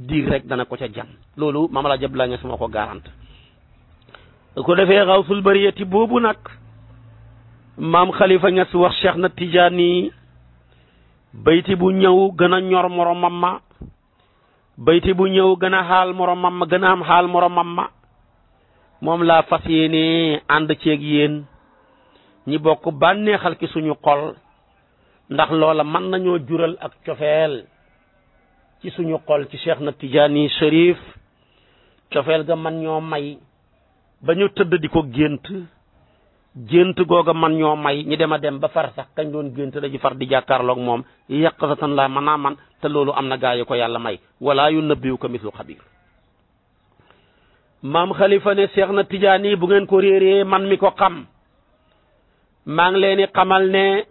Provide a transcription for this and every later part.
diig rek dana ko ca jan loolu maam El Hadj Abdoulaye Niass moo ko garante ko defee xawsul bariyati boobu nag maam Khalifa Niass wax Cheikh na Tijaani bayti bu ñëw gën a ñor moromam ma bayti bu ñëw gën a xaal moromam ma gën a am xaal morom ma moom laa fas yéene ànd ceeg yéen ñi bokk bànneexal ki suñu xol ndax loola mën nañoo jural ak cofeel ci suñu xol ci cheikh na tijaani sharif cofeel ga man ñoo may bañu tëdd di ko gént gént googa man ñoo may ñi dem a dem ba far sax kañ doon gént dañu far di jàkkaarloog moom yaqazatan la mën man te loolu am na gaa yi ko yàlla may wala yu nëbbiwu ko mislu maam xalifa ne seex na tijaani bu ngeen ko réeree man mi ko xam maa ngi leen di xamal ne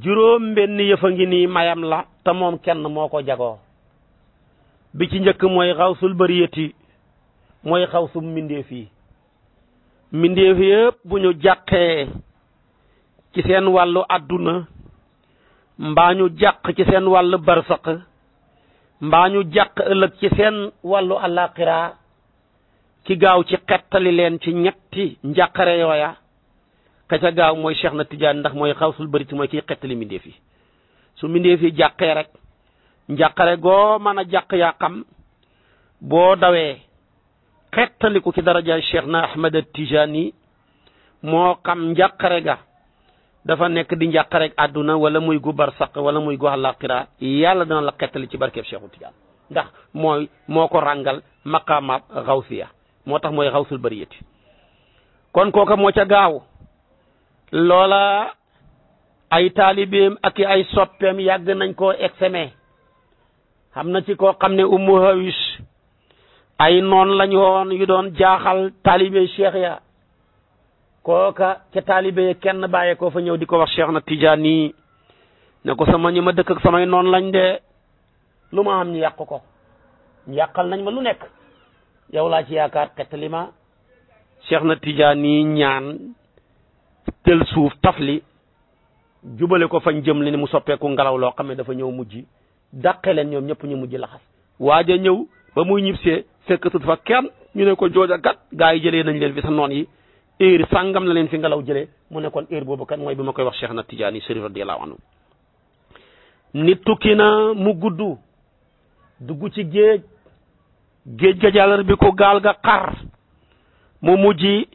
juróom benn yëfa ngi nii mayam la te moom kenn moo ko jagoo bi ci njëkk mooy xawsul bariyati mooy xaw mbindeef yi mbindeef yëpp bu ñu jàqee ci seen wàllu àdduna mbaa ñu jàq ci seen wàllu barsaq mbaa ñu jàq ëllëg ci seen wàllu àllaaxira ki gaaw ci xettali leen ci ñetti njàqare yooya ka gaaw mooy Cheikh na Tidiane ndax mooy xawsul bariyati mooy kiy xettali mbindeef yi su mbindee fi jàqee rek njàqare goo mën a jàq yaa xam boo dawee xettaliku ci daraja cheikh na ahmad at tijani moo kam njàqare ga dafa nekk di njàqarek àdduna wala muy gu barsaq wala muy gu àllaaxira yàlla dana la xettali ci barkeeb cheikhu tijaan ndax mooy moo ko ràngal maqaamaat xawsiya moo tax mooy xawsul bariyati kon kooka moo ca gaaw loola ay taalibeem ak ay soppeem yàgg nañ koo exeme xam na ci koo xam ne ummu hawis ay noon lañ woon yu doon jaaxal taalibe cheikh ya kooka ca taalibe ya kenn bàyyee koo fa ñëw di ko wax cheikh na Tijaani ne ko sama ñu ma dëkk ak noon lañ de lu ma am ñu yàq ko ñu yàqal nañ ma lu nekk yow ci yaakaar xettali ma cheikh na Tijaani ñaan tel suuf tafli jubale ko fañ jëm li ni mu soppeeku ngelaw loo xam ne dafa ñëw mujj dàqe leen ñoom ñëpp ñu mujj laxas waaja ñëw ba muy ñibsee fekkatut fa kenn ñu ne ko jooja kat gaa yi jëlee nañ leen fi sa noon yi heure sàngam la leen fi ngelaw jëlee mu ne kon heure boobu kat mooy bi ma koy wax Cheikh na Tidiane Chérif radiyallahu na mu gudd ci géej bi ko gaal ga mujj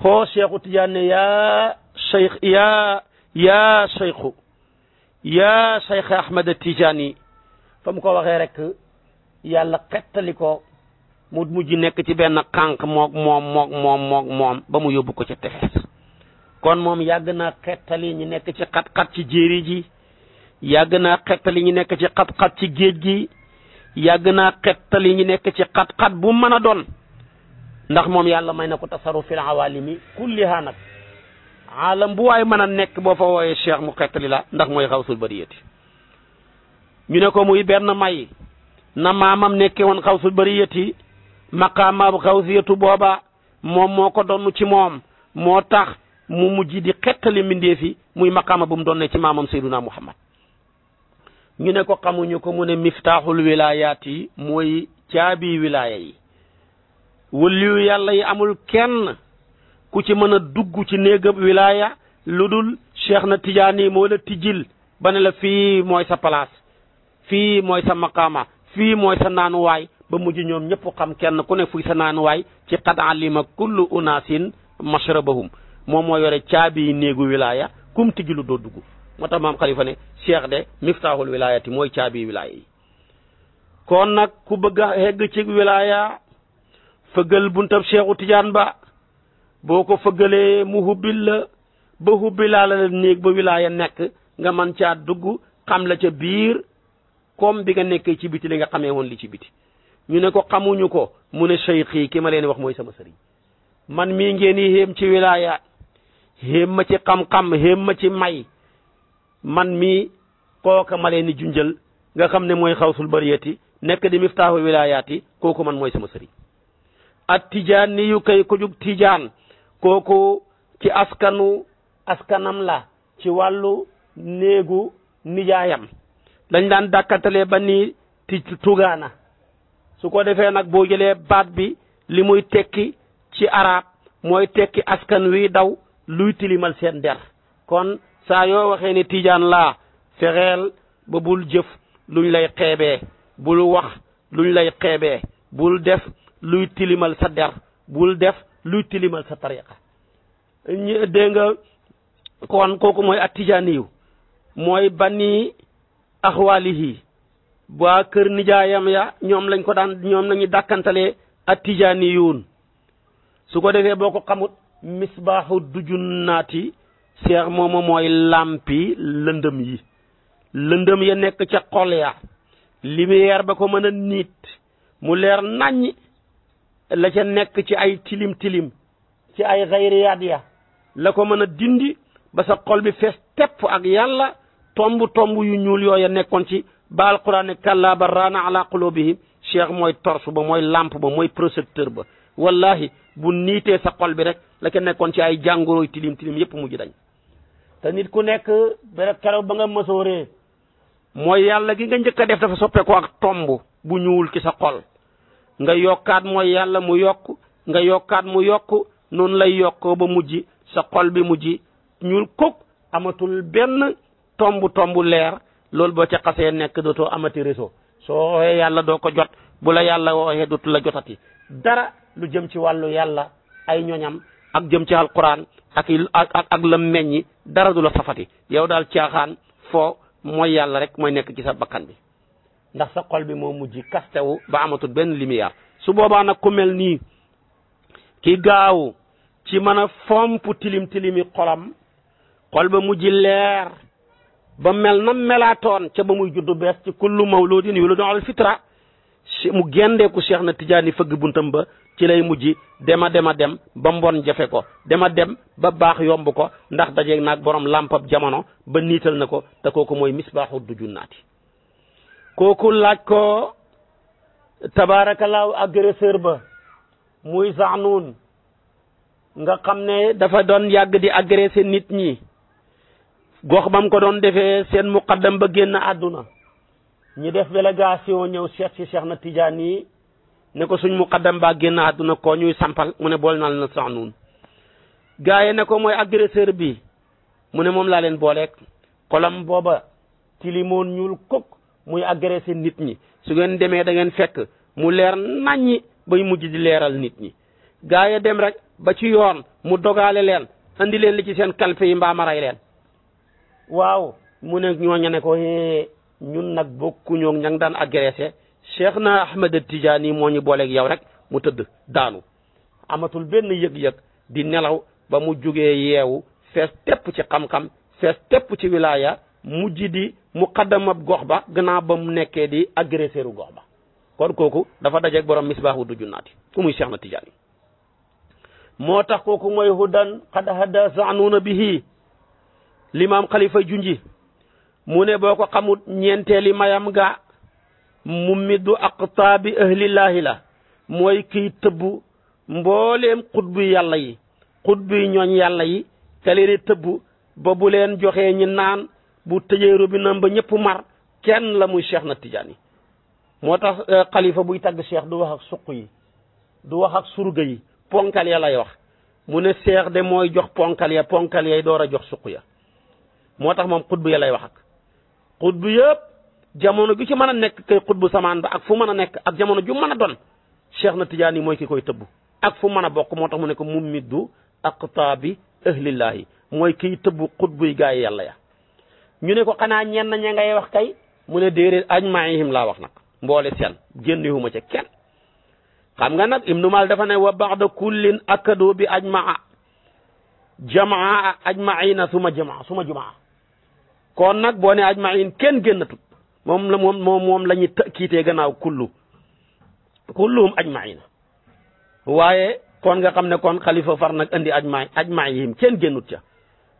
xoo Cheikhu Tidiane yaa Cheikh yaa yaa cheikhu yaa cheikh Ahmed Tidiane fa mu ko waxee rek yàlla xettali ko mu mujj nekk ci benn xànq moom moom moom moom moom ba mu yóbbu ko ci tefes kon moom yàgg naa xettali ñu nekk ci xat-xat ci jéeri ji yàgg naa xettali ñu nekk ci xat-xat ci géej gi yàgg naa xettali ñu nekk ci xat-xat bu mën a doon ndax moom yàlla may na ko tasaru fil awalimi kulliha nag alam bu waay mën a nekk boo fa wooyee cheikh mu xettali la ndax mooy xaw xawsul bariyati ñu ne ko muy benn may na maamam nekke woon xawsul bariyati maqaamaam xawsiyatu booba moom moo ko donn ci moom moo tax mu mujj di xettali mbindeef yi muy maqaama bu mu doonne ci maamam sayduna muhammad ñu ne ko xamuñu ko mu ne miftaaxul wilaayaat yi mooy caabi wilaaya yi wëlliyu yàlla yi amul kenn ku ci mën a dugg ci néegab wilaaya lu dul cheikh na tijaani moo la tijjil ba ne la fii mooy sa place fii mooy sa maqaama fii mooy sa naanuwaay ba mujj ñoom ñëpp xam kenn ku ne fuy sa naanuwaay ci qad alima kullu unaasin mashrabahum moom moo yore caabi néegu wilaaya kum tijjilu doo dugg moo tax maam xalifa ne cheikh de miftaahul wilaayati mooy caabi wilaaya yi nag ku bëgg a ci wilaaya fëggal buntab cheikhu tijaan ba boo ko fëggalee mu hubbil la ba hubbilaa la la néeg ba wilaaya nekk nga man caa dugg xam la ca biir kom bi nga nekkee ci biti li nga xamee woon li ci biti ñu ne ko xamuñu ko mu ne cheikh yi ki ma leen wax mooy sama sëriñ man mii ngeen yi ci wilaaya xéem ma ci xam-xam xéem ma ci may man mii kooka ma leen di junjal nga xam ne mooy xawsul bariyati nekk di miftaahu wilaayaati kooku man mooy sama sëriñ at tijaan ni yu kay ko tijaan kooku ci askanu askanam la ci wàllu néegu nijaayam dañ daan dàkkatalee ba nii ti tugaana su ko defee nag boo jëlee baat bi li muy tekki ci arab mooy tekki askan wi daw luy tilimal seen der kon saa yoo waxee ni tiijaan laa fexeel ba bul jëf luñ lay xeebee bul wax luñ lay xeebee bul def luy tilimal sa der bul def luy tilimal sa tariqa ñu dégg nga kon kooku mooy attijaaniyu mooy bani axwaalihi waa kër nijaayam ya ñoom lañ ko daan ñoom lañuy dàkkantalee attijaaniyuun su ko defee boo ko xamut misbaaxu naati seex mooma mooy làmpi lëndëm yi lëndëm ya nekk ca xol ya lumière ba ko mën a mu leer naññ la ca nekk ci ay tilim tilim ci ay xayriyaat ya la ko mën a dindi ba sa xol bi fees tepp ak yàlla tomb tomb yu ñuul yooya nekkoon ci ba alquran ne kallaa ba raana ala qulubihim cheikh mooy torche ba mooy lampe ba mooy projecteur ba wallahi bu niitee sa xol bi rek la ko nekkoon ci ay jàngoroy tilim tilim yépp mujj dañ te nit ku nekk ba keroog ba nga mësooree mooy yàlla gi nga njëkk a def dafa soppeekoo ak tomb bu ñuul ci sa xol nga yokkaat mooy yàlla mu yokk nga yokkaat mu yokk noonu lay yokkoo ba mujj sa xol bi mujj ñuul kuk amatul benn tomb tomb leer loolu boo ca xasee nekk dootoo amati réseau soo yàlla doo ko jot bu la yàlla wooyee dootu la jotati dara lu jëm ci wàllu yàlla ay ñoñam ak jëm ci alquran ak ak ak la meññi dara du la safati yow daal caaxaan foo mooy yàlla rek mooy nekk ci sa bakkan bi ndax sa xol bi moo mujj kastewu ba amatul benn lumière su boobaa nag ku mel nii ki gaaw ci mën a fomp tilim tilimi xolam xol ba mujj leer ba mel na melaatoon ca ba muy juddu bees ci kullu mawludin yuladu al fitra mu gende ku Cheikh na Tijaani fëgg buntam ba ci lay mujj dema dema dem ba mbon jafe ko dema dem ba baax yomb ko ndax dajeeg naag borom làmpab jamono ba niital na ko te ko mooy misbaaxu du junnaati kooku laaj ko tabaarakallaahu agresseur ba muy Zaanuun nga xam ne dafa doon yàgg di agressé nit ñi gox bam ko doon defee seen muqaddam ba génn àdduna ñi def délégation ñëw seet si Cheikh na Tidiane yi ne ko suñ muqaddam ba génn àdduna koo ñuy sampal mu ne bool naa leen Zaanuun gaa yi ne ko mooy agresseur bi mu ne moom laa leen booleeg xolam booba tilimoon ñuul kukk muy agressé nit ñi su ngeen demee da ngeen fekk mu leer naññi bay mujj di leeral nit ñi gaa ya dem rek ba ci yoon mu dogaale leen andi leen li ci seen kalpe yi mbaa maray leen waaw mu ne ñooña ne ko hee ñun nag bokkuñoo ña ngi daan agressé cheikh na Ahmed Tidiane moo ñu booleeg yow rek mu tëdd daanu amatul benn yëg-yëg di nelaw ba mu jugee yeewu fees tepp ci xam-xam fees tepp ci wilaya mujj di muqaddamab gox ba gannaaw ba mu nekkee di agresseuru gox ba kon kooku dafa dajeeg borom misbaahu du junnaati ku muy Cheikh na Tijaani moo tax kooku mooy hudan xad hada zanuuna bihi limaam xalifa junji mu ne boo ko xamut ñeenteeli mayam ga mu middu aqtaabi ahlillaahi la mooy kiy tëbb mbooleem xutbi yàlla yi xutbi ñooñ yàlla yi ka leen ba bu leen ñi naan bu rubi robinam ba ñepp mar kenn la muy cheikh na tidiane motax khalifa euh, xalifa buy tagg cheikh du wax ak suq yi du wax ak surga yi ponkal ya lay wax mu ne cheikh de moy jox ponkal ya ponkal ya doora jox suq ya motax mom khutbu ya lay wax ak khutbu yeb jamono gi ci mën nek kay khutbu samaan ba ak fu mën nek ak jamono ju mana don cheikh na tidiane moy ki koy ak fu mën bok motax mu ne ko mumiddu aqtaabi ahlillahi mooy kiy gaay yalla ya ñu ne ko xanaa ñenn ña ngay wax kay mu ne aj déedéet ajmaihim laa wax nag mboole seen génnewuma ca kenn xam nga nag ibnu mal dafa ne wa baxda kullin akkadoo bi ajmaa jamaa ajmaina suma jamaa suma jumaa kon nag boo ne ajmain kenn génnatut moom la moom moom moom la ñuy kiitee gannaaw kullu kulluhum ajmaina waaye kon nga xam ne kon xalifa far nag andi ajma ajmaihim kenn génnut ca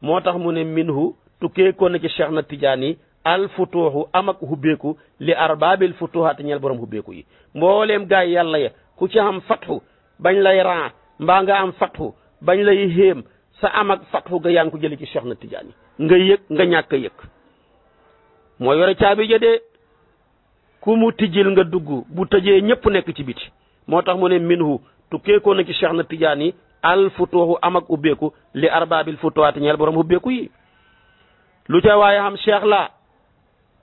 moo tax mu ne minhu tukkee na ci cheikh na tijaan yi al futuuxu am ak hubbeeku li arbaabil futuuhaati ñeel borom hubbeeku yi mbooleem gaay yàlla ya ku ci am fatxu bañ lay ran mbaa nga am fatxu bañ lay xéem sa am ak fatxu ga yaa ngi ko ci cheikh na tijaan nga yëg nga ñàkk a yëg moo yore caabi ja de ku mu tijjil nga dugg bu tëjee ñëpp nekk ci biti moo tax mu ne minhu tukkee ko na ci cheikh na tijaan yi al futuuxu am ak hubbeeku li arbaabil futuuhaati ñeel borom hubbeeku yi lu ca waaye xam cheikh la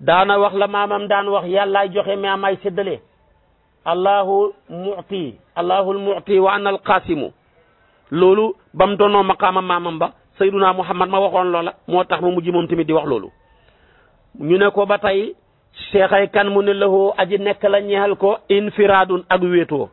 daana wax la maamam daan wax yàllaay joxe mais amay séddale allahu muti allahul muti wa ana alqasimu loolu ba mu doonoo maqaama maamam ba sayduna muhammad ma waxoon loola moo tax mu mujj moom tamit di wax loolu ñu ne ko ba tey cheikh ay kan mu ne lahoo aji nekk la ñeexal ko infiraadun ak wéetoo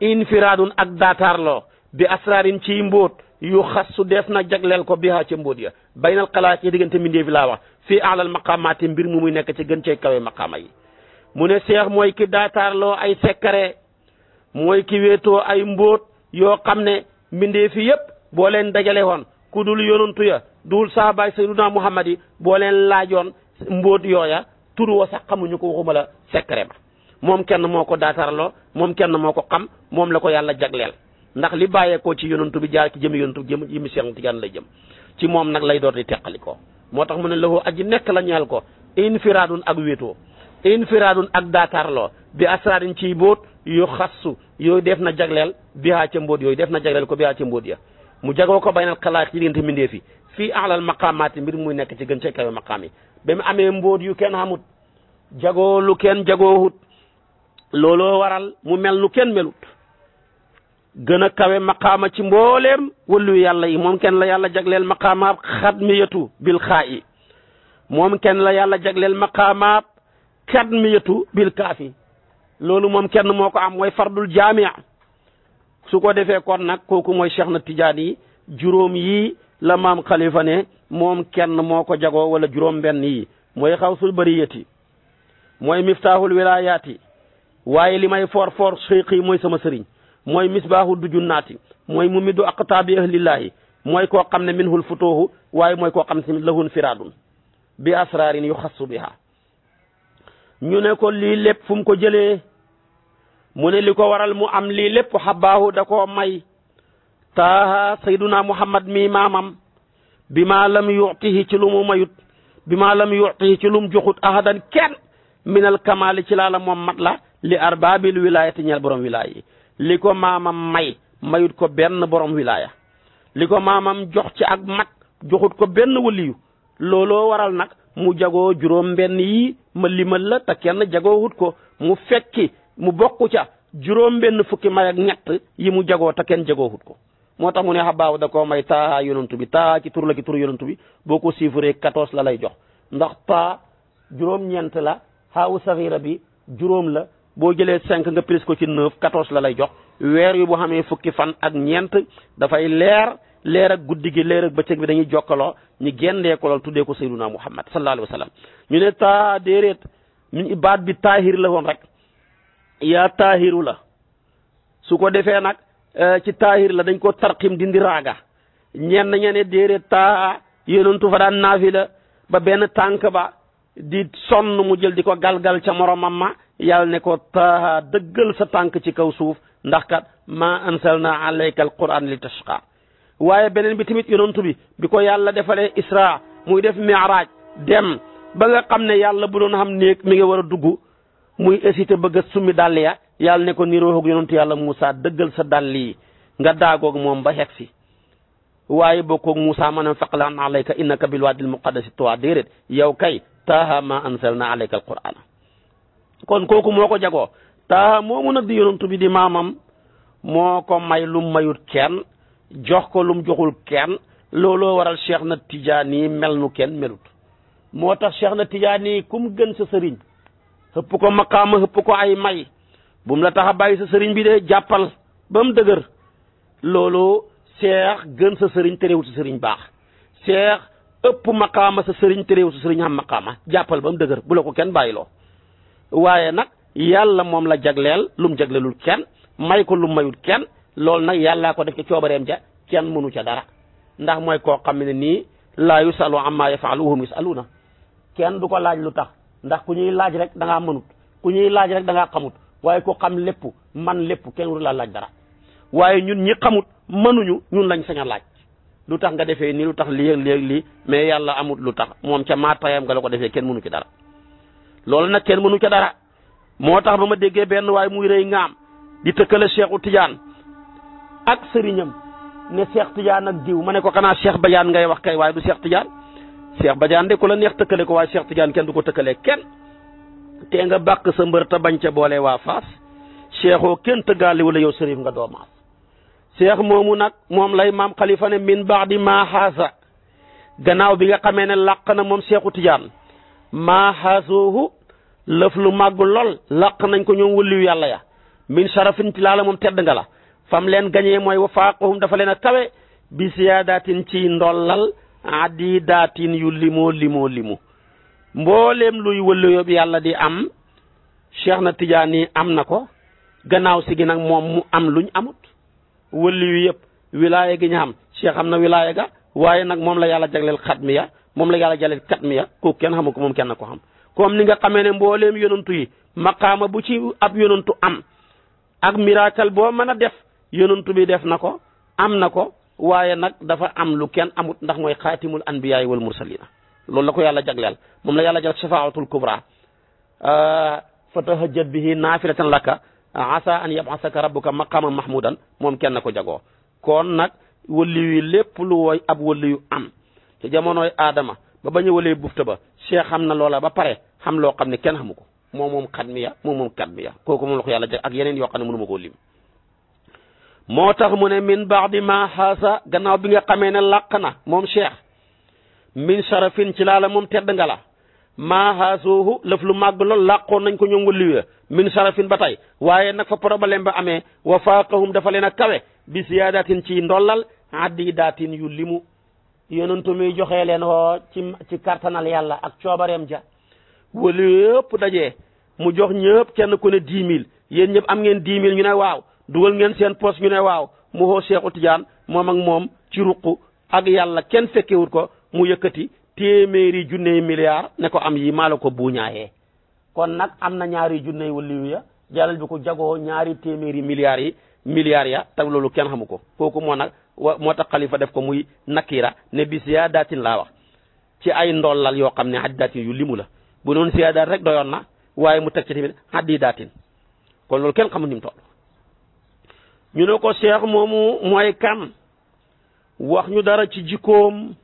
infiraadun ak daataarloo bi asraarin ciy mbóot yu su dees na jagleel ko bihaa ca mbóot ya baynal xalaat yi diggante mbindéef yi laa wax fii alal maqaamaati mbir mu muy nekk ci gën cay kawe maqaama yi mu ne seex mooy ki daataarloo ay sekkare mooy ki wéetoo ay mbóot yoo xam ne mbindéef yi yëpp boo leen dajale woon ku dul yonantu ya dul saabaay sayyiduna muhammad boo leen laajoon mbóot yooya tur wa sax xamuñu ko waxuma la sekkare ba moom kenn moo ko daataarloo moom kenn moo ko xam moom la ko yàlla jagleel ndax li bàyyeekoo ci yonantu bi jaar ci jëmi yonantu jëm jëmi Seex Tijaan lay jëm ci moom nag lay door di teqali ko moo tax mu ne lahu aji nekk la ñeel ko infiraadun ak wéetoo infiraadun ak daakaarloo bi asraarin ciy bóot yu xassu yooyu def na jagleel bi ca mbóot yooyu def na jagleel ko bihaa ca mbóot ya mu jagoo ko baynal xalaaq ci diggante mindee fi fii alal maqaamaati mbir muy nekk ci gën ca kawe maqaam yi ba mu amee mbóot yu kenn xamut jagoo lu kenn jagoohut looloo waral mu mel nu kenn melut gën a kawe maqaama ci mboolem wëllu yàlla yi moom kenn la yàlla jagleel maqaamaab xadmiyatu bil xaa i moom kenn la yàlla jagleel maqaamaab xadmiyatu bil kaafi loolu moom kenn moo ko am mooy fardul jaamia su ko defee kon nag kooku mooy cheikh na tijaan yi juróom yi la maam xalifa ne moom kenn moo ko jagoo wala juróom benn yi mooy xawsul bariyati mooy miftaahul wilayaati waaye li may for for cheikh yi mooy sama sëriñ mooy misbaahu du junnaati mooy mu middu aqtaabi ahlillaahi mooy koo xam ne minhul futuuhu waaye mooy ko xam ne la lahun firaadun bi asraarin yu xassu biha ñu ne ko lii lépp fu mu ko jëlee mu ne li ko waral mu am lii lépp xabaahu da koo may taaha sayduna muhammad mii maamam bi maa lam yuutihi ci lu mu mayut bi maa lam yuutihi ci lu mu joxut ahadan kenn minal kamaali ci laa la moom mat la li arbaabil wilaayati ñal borom wilaay yi li ko maamam may mayut ko benn borom wilaaya li ko maamam jox ci ag mat joxut ko benn waliyu looloo waral nag mu jagoo juróom benn yi ma limal la te kenn jagoowut ko mu fekki mu bokku ca juróom mbenn fukki may ak ñett yi mu jagoo te kenn jagoowut ko moo tax mu ne xabaaw da koo may taaha yonantu bi taaha ci tur la ci tur yonantu bi boo ko chiffré quatorze la lay jox ndax taa juróom-ñeent la xaawu saxiira bi juróom la boo jëlee cinq nga prise ko ci neuf quatorze la lay jox weer wi boo xamee fukki fan ak ñeent dafay leer leer ak guddi gi leer ak bëccëg bi dañuy jokkaloo ñu gendee ko lool tuddee ko sayyiduna muhammad sallallahu alayhi wa sallam ñu ne taa déeréet ñu baat bi taahir la woon rek yaa taahiru la su ko defee nag eh, ci taahir la dañ ko tarqim dindi raaga ñenn ña ne déeréet taa yonentu fa daan naafi la ba benn tànk ba di sonn mu jël di ko gal gal ca moromam ma yàlla ne ko taaha dëggal sa tànk ci kaw suuf ndax kat ma ansalna alayka alquran li tashqa waaye beneen bi tamit yonantu bi bi ko yàlla defalee isra muy def miraaj dem ba nga xam ne yàlla bu doon a xam néeg mi nga war a dugg muy hésité bëgg a summi dàll ya yàlla ne ko niroog yonantu yàlla Moussa dëggal sa dàll yi nga daagoog moom ba xeg si waaye bokkoog Moussa maanaam faqlan alayka innaka bilwaadil muqaddasi tuwa déedéet yow kay taaha ma ansalna alayka alquran kon kooku moo ko jagoo taa moomu nag di yonantu bi di maamam moo ko may lum mayut kenn jox ko lum joxul kenn looloo waral Cheikh na Tijaani mel nu kenn melut moo tax Cheikh na Tijaani kum gën sa sëriñ xëpp ko maqaama xëpp ko ay may bum la tax a bàyyi sa sëriñ bi de jàppal ba mu dëgër loolu seex gën sa sëriñ te réewul sa sëriñ baax seex ëpp maqaama sa sëriñ te réewul sa sëriñ am maqaama jàppal ba mu dëgër bu la ko kenn bàyyiloo waaye nag yàlla moom la jagleel lum jaglelul kenn may ko lum mayul kenn loolu nag yàllaa ko def ca coobareem ja kenn mënu ca dara ndax mooy koo xam ne nii laa yusalu amma yafalu hum na kenn du ko laaj lu tax ndax ku ñuy laaj rek danga ngaa mënut ku ñuy laaj rek da ngaa xamut waaye ku xam lépp man lépp kenn du la laaj dara waaye ñun ñi xamut mënuñu ñun lañ sañ a laaj lu tax nga defee nii lu tax li lii léeg li mais yàlla amut lu tax moom ca maatayam nga la ko defee kenn mënu ci dara lolou nak kenn mënu ci dara motax tax ba ben way muy reey ngam di tëkkale Cheikhu Tidiane ak serignam ne Cheikh Tidiane ak diw mané ko xana Cheikh Badiane ngay wax kay way du Cheikh Tidiane Cheikh Badiane de ko la neex tëkkale ko way Cheikh Tidiane kenn du ko tëkkale kenn te nga bak sa mbeur ta bañ ca bolé wa fas kenn wala yow serif nga Cheikh momu nak mom lay mam khalifa ne min ba'di di Mahaza, gannaaw bi nga xamé ne làq na Tidiane lëf lu màgg lool làq nañ ko ñoom wëlliw yàlla ya min sharafin ci laala moom tedd nga la fam leen gañee mooy wa faaqahum dafa leen a kawe bi siyaadatin ci ndollal adidaatin yu limoo limoo limu mbooleem luy wëllu yóbbu yàlla di am cheikh na tijaani am na ko gannaaw si gi moom mu am luñ amut wëllu yu yëpp wilaaya gi ñu xam cheikh am na wilaaya ga waaye nag moom la yàlla jagleel xatmiya moom la yàlla jagleel katmiya kooku kenn xamu ko moom kenn ko xam comme ni nga xamee ne mbooleem yonantu yi maqaama bu ci ab yonantu am ak miracle boo mën a def yonantu bi def na ko am na ko waaye nag dafa am lu kenn amut ndax mooy xaatimul anbiyaay wal mursalina loolu la ko yàlla jagleel moom la yàlla jagleel shafaatul kubra fa tahajjat bihi naafilatan laka asa an yabasaka rabbuka maqaman mahmudan moom kenn ko jagoo kon nag wëlli wi lépp lu woy ab wëlli am ci jamonoy aadama ba ba ñëwalee bufta ba cheikh xam na loola ba pare xam loo xam ne kenn xamu ko moom moom xadmiya moom moom kadmiya kooku moom la ko yàlla teg ak yeneen yoo ne mënu ma koo lim moo tax mu ne min baadi ma xaasa gannaaw bi nga xamee ne làq na moom cheikh min sharafin ci laa la moom tedd nga la maa xaasoohu lëf lu màgg lool làqoon nañ ko ñoom wëlliwee min sharafin ba tey waaye nag fa problème ba amee wa faaqahum dafa leen a kawe bi siyaadatin ci ndollal daatin yonentu muy joxee leen woo ci ci kartanal yàlla ak coobareem ja wala yëpp dajee mu jox ñëpp kenn ku ne mille yéen ñëpp am ngeen dix mille ñu ne waaw dugal ngeen seen poche ñu ne waaw mu woo Seexu Tijaan moom ak moom ci ruqu ak yàlla kenn fekkewut ko mu yëkkati téeméeri junney milliards ne ko am yi maa la ko buuñaayee kon nag am na ñaari junney waliyu ya jàllal bi ko jagoo ñaari téeméeri milliards yi milliards ya te loolu kenn xamu ko kooku moo nag wa moo tax kalifa def ko muy nakira ne bi siyaadatin laa wax ci ay ndollal yoo xam ne haddidaatin yu limu la bu noonu siyaadaat rek doyoon na waaye mu teg ci tamit haddidaatin kon loolu kenn xamul ni mu ñu ne ko seex moomu mooy kan wax ñu dara ci jikkoom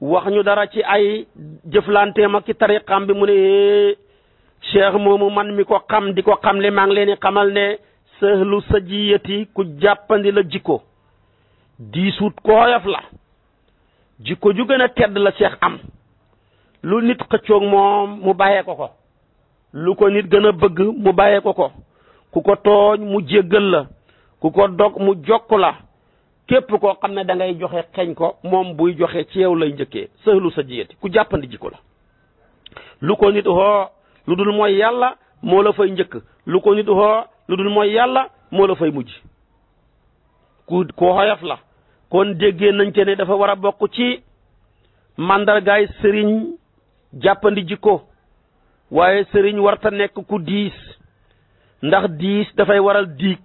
wax ñu dara ci ay jëflanteem ak ci tariqam bi mu ne cheikh moomu man mi ko xam di ko xam le maa ngi leen xamal ne sëhlu sa jiyati ku jàppandi la jikko diisuut kooyof la jikko ju gën a tedd la seex am lu nit xëccoog moom mu bàyyee ko ko lu ko nit gën a bëgg mu bàyyee ko ko ku ko tooñ mu jéggal la ku ko dog mu jokk la képp ko xam ne dangay ngay joxe xeñ ko moom buy joxe ci yow lay njëkkee sëhlu sa jiyati ku jàppandi jikko la lu ko nit hoo lu dul mooy yàlla moo la fay njëkk lu ko nit hoo lu dul mooy yàlla moo la fay mujj ku ku la kon déggee nañ te ne dafa war a bokk ci màndargaay sëriñ jàppandi jikko waaye sëriñ warta nekk ku diis ndax diis dafay waral diig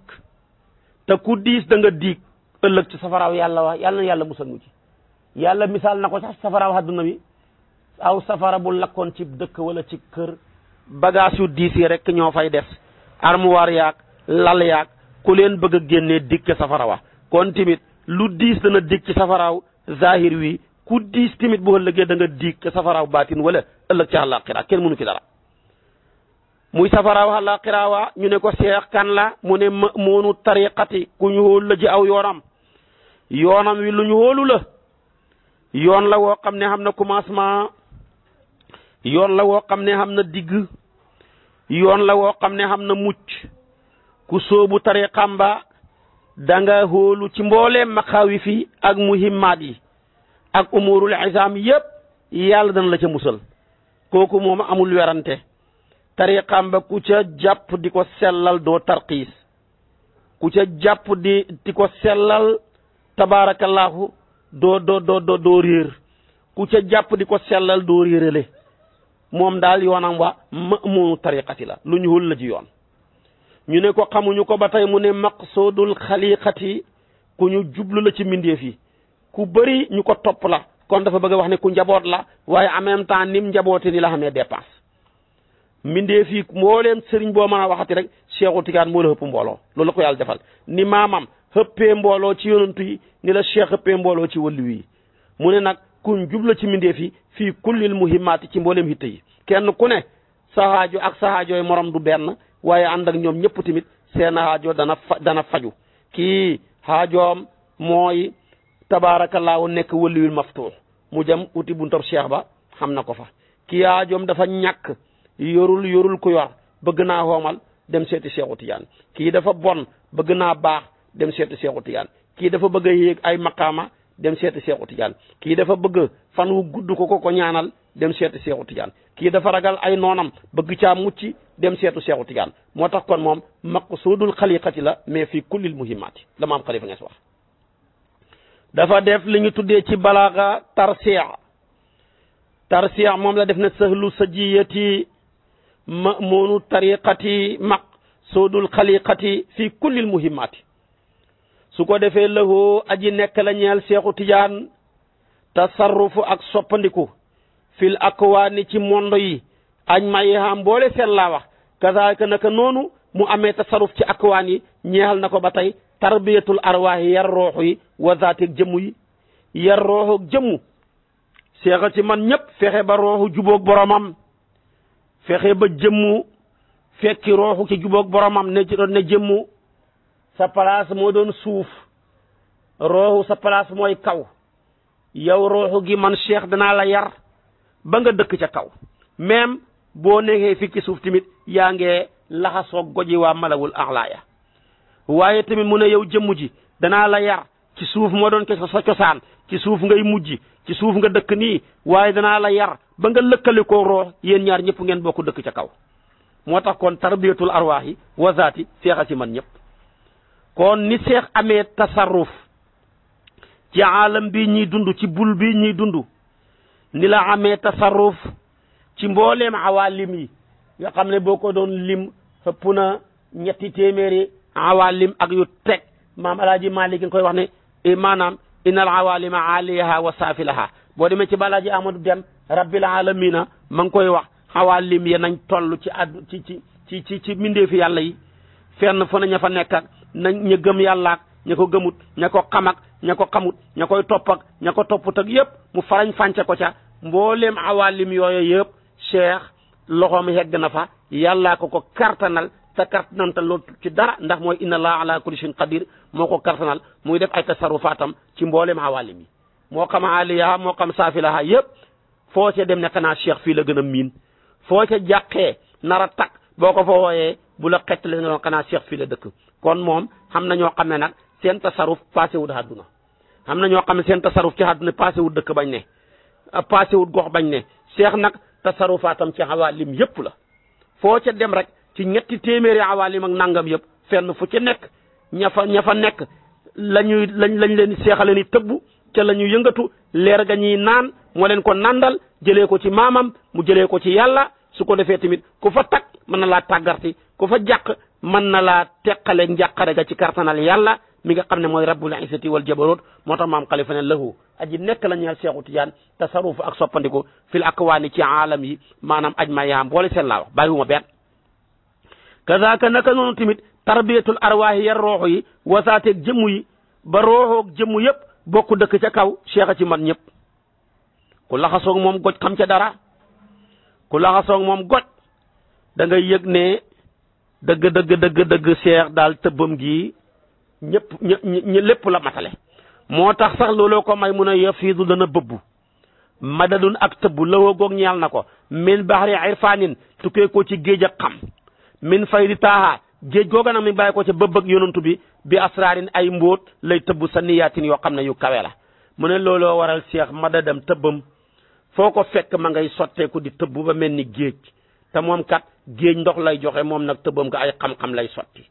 te ku diis da nga diig ëllëg ci safaraaw yàlla wax yàlla na yàlla musal mu ci yàlla misaal na ko sax safaraaw àdduna bi aw safara bu lakkoon ci dëkk wala ci kër bagage yu diis yi rek ñoo fay def armoire yaag lal yaag ku leen bëgg a génnee dikk safara wa kon timit lu diis dana dig ci safaraaw zahir wi ku diis tamit bu ëllëgee da nga dig ca safaraaw baatin wala ëllëg ca àllaaxira kenn mënu ci dara muy safaraaw àllaaxira wa ñu ne ko seex kan la mu ne ma'muunu tariqati ku ñu hóolu la ji aw yoonam yoonam wi lu ñu hóolu la yoon la woo xam ne xam na commencement yoon la woo xam ne xam na digg yoon la woo xam ne xam na mucc ku sóobu tariqam danga nga xóolu ci mbooleem maxaawi fi ak muhimmaat yi ak umurul isaam yépp yàlla dana la ca musal kooku moom amul werante tariqaam ku ca jàpp di ko sellal doo tarxiis ku ca jàpp di di ko sellal tabaarakallaahu doo réer ku ca jàpp di ko sellal doo réerale moom daal yoonam wa ma'muunu tariqati la lu ñu xul la ci yoon ñu ne ko xamuñu ko ba tey mu ne soo maqsudul xaliqati ku ñu jublu la ci mbindeef yi ku bëri ñu ko topp la kon dafa bëgg wax ne ku njaboot la waaye en même temps nim njaboote ni la xamee dépense mbindeef yi mbooleem sëriñ boo mën a waxati rek Cheikhul ti moo la hëpp mbooloo loolu la ko yàlla defal ni maamam hëppee mbooloo ci yonantu yi ni la cheikh hëppee mbooloo ci wàllu yi mu ne nag kuñ jubla ci mbindeef yi fii kullil muhimmaati ci mbooleem hitte yi kenn ku ne saxaaju ak saxaajooy morom du benn waaye ànd ak ñoom ñëpp tamit seen aajo dana fa dana faju kii aajoom mooy tabaarakallaahu nekk wëlliwul maftuux mu jëm uti buntab cheikh ba xam na ko fa kii aajoom dafa ñàkk yorul yorul ku yor bëgg naa xoomal dem seeti Seexu Tijaan kii dafa bon bëgg naa baax dem seeti Seexu kii dafa bëgg yéeg ay maqaama dem seeti Seexu Tijaan kii dafa bëgg fan wu gudd ko ko ñaanal dem setu cheikhou tidiane ki dafa ragal ay noonam bëgg caa mucci dem setu cheikhou tidiane motax kon mom maqsudul khaliqati la mais fi kullil muhimmaati la maam khalifa ngees wax dafa def liñu tuddé ci balagha mom la def na sahlu sajiyati ma'munu tariqati maqsudul khaliqati fi kulli muhimmaati su ko defé lëhoo aji nek la ñeel cheikhou tidiane tasarrufu ak sopandiku fil akwaani ci mondo yi añ may xam boole seen laa wax kazaalika naka noonu mu amee tasaruf ci akwaan yi ñeexal na ko ba tey tarbiyatul arwaax yi yar rooxu yi wa zaateeg jëmm yi yar rooxoog jëmm seexal ci man ñëpp fexe ba rooxu jubóog boromam fexe ba jëmmu fekki rooxu ci jubóog boromam ne jëmmu sa place moo doon suuf rooxu sa place mooy kaw yow rooxu gi man cheikh danaa la yar ba nga dëkk ca kaw même boo nekkee fii ci suuf tamit yaa ngee laxasoo goji waa malawul axlaaya waaye tamit mu ne yow jëmm ji danaa la yar ci suuf moo doon sa cosaan ci suuf ngay mujj ci suuf nga dëkk nii waaye danaa la yar ba nga lëkkalikoo roo yéen ñaar ñëpp ngeen bokk dëkk ca kaw moo tax kon tarbiyatul arwaax yi seex a si man ñëpp kon ni seex amee tasaruf ci aalam bi ñuy dund ci bul bi ñuy dund ni la amee tasarruf ci mbooleem awalim yi nga xam ne boo ko doon lim xëpp na ñetti téeméeri awalim ak yu teg maam alaaji Malik koy wax ne eh, maanaam innal awalima aliyaha wa saafilaha boo demee ci balaaji Amadou Dem rabbil alamina ma ngi koy wax awalim ya nañ toll ci addu ci ci ci ci ci mbindeefi yàlla yi fenn na ña fa nekk nañ ña gëm ña ko gëmut ña ko xam ak ña ko xamut ña koy topp ak ña ko topput ak yépp mu farañ fànce ko ca mboolem awalim yooyu yëpp cheikh loxoom yegg na fa yàllaa ko ko kartanal te kartanal loolu ci dara ndax mooy inna laa ko kulli shay'in qadir moo ko kartanal muy def ay tasarufaatam ci mbooleem awalim yi moo xam aliyaha moo xam saafilaha yëpp foo ce dem ne xanaa cheikh fii la gën a miin foo ca jàqee nar takk boo ko fa wooyee bu la xettale nga doon xanaa fii la dëkk seen tasaruf passé wut àdduna am na ñoo xam ne seen tasaruf ci àdduna passé wut dëkk bañ ne passé wut gox bañ ne seex nag tasarufaatam ci lim yëpp la foo ca dem rek ci ñetti téeméeri awaalim ak nangam yëpp fenn fu ci nekk ñafa fa ña fa nekk la ñuy lañ lañ leen seexale ni tëbb ca la ñuy yëngatu leer ga ñuy naan moo leen ko nandal jëlee ko ci maamam mu jëlee ko ci yàlla su ko defee tamit ku fa takk mën na laa tàggarti ko fa jàq mën na laa teqale njàqare ga ci kartanal yàlla mi nga xam ne mooy rabbul izzati wal jabarut moo tax maam xalifa ne lahu aji nekk la ñeel seexu tijaan tasarufu ak soppandiku fil akwaani ci aalam yi maanaam aj ma yaam boole seen laa wax bàyyiwuma benn kazaaka naka noonu tamit tarbiyatul arwaahi yar rooxu yi wasaateeg jëmm yi ba rooxoog jëmm yëpp bokk dëkk ca kaw seexa ci man ñëpp ku laxasoog moom goj xam ca dara ku laxasoog moom goj da yëg ne dëgg dëgg dëgg dëgg seex daal tëbbam gi ñëpp ñë lépp la matale moo tax sax looloo ko may mun a yafiidu dana bëbbu madadun ak tëbb lawoo goog ñaal na ko min baxri irfanin tukkee ko ci géej ak men min faydi taaha géej googa nag mi bàyyi ko ca bëbbëg yonantu bi bi asraarin ay mbóot lay tëbb sa niyaatin yoo xam ne yu kawe la mu ne looloo waral seex madadam tëbbam foo ko fekk ma ngay sotteeku di tëbb ba mel ni géej te moom kat géej ndox lay joxe moom nag tëbbam ko ay xam-xam lay sotti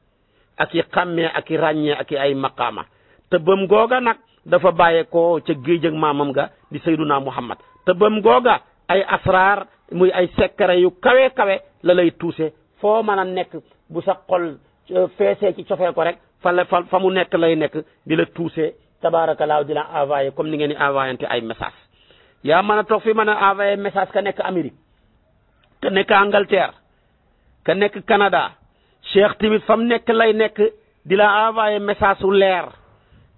ak i xàmmee ak i ràññee ak i ay maqaama tëbbam googa nag dafa bàyyeekoo ca géej maamam ga di sayduna muhammad tëbbam googa ay asraar muy ay sekkare yu kawe kawe la lay tuuse foo mën a nekk bu sa xol euh, feesee ci cofee rek fa la fa fa mu nekk lay nekk di la tuuse tabaarakalaaw di la envoyé comme ni ngeen di envoyante ay message yaa mën a toog fi mën a envoyé message ka nekk Amérique ka nekk Angleterre ka nekk Canada cheikh tamit fa mu nekk lay nekk di la envoyé message su leer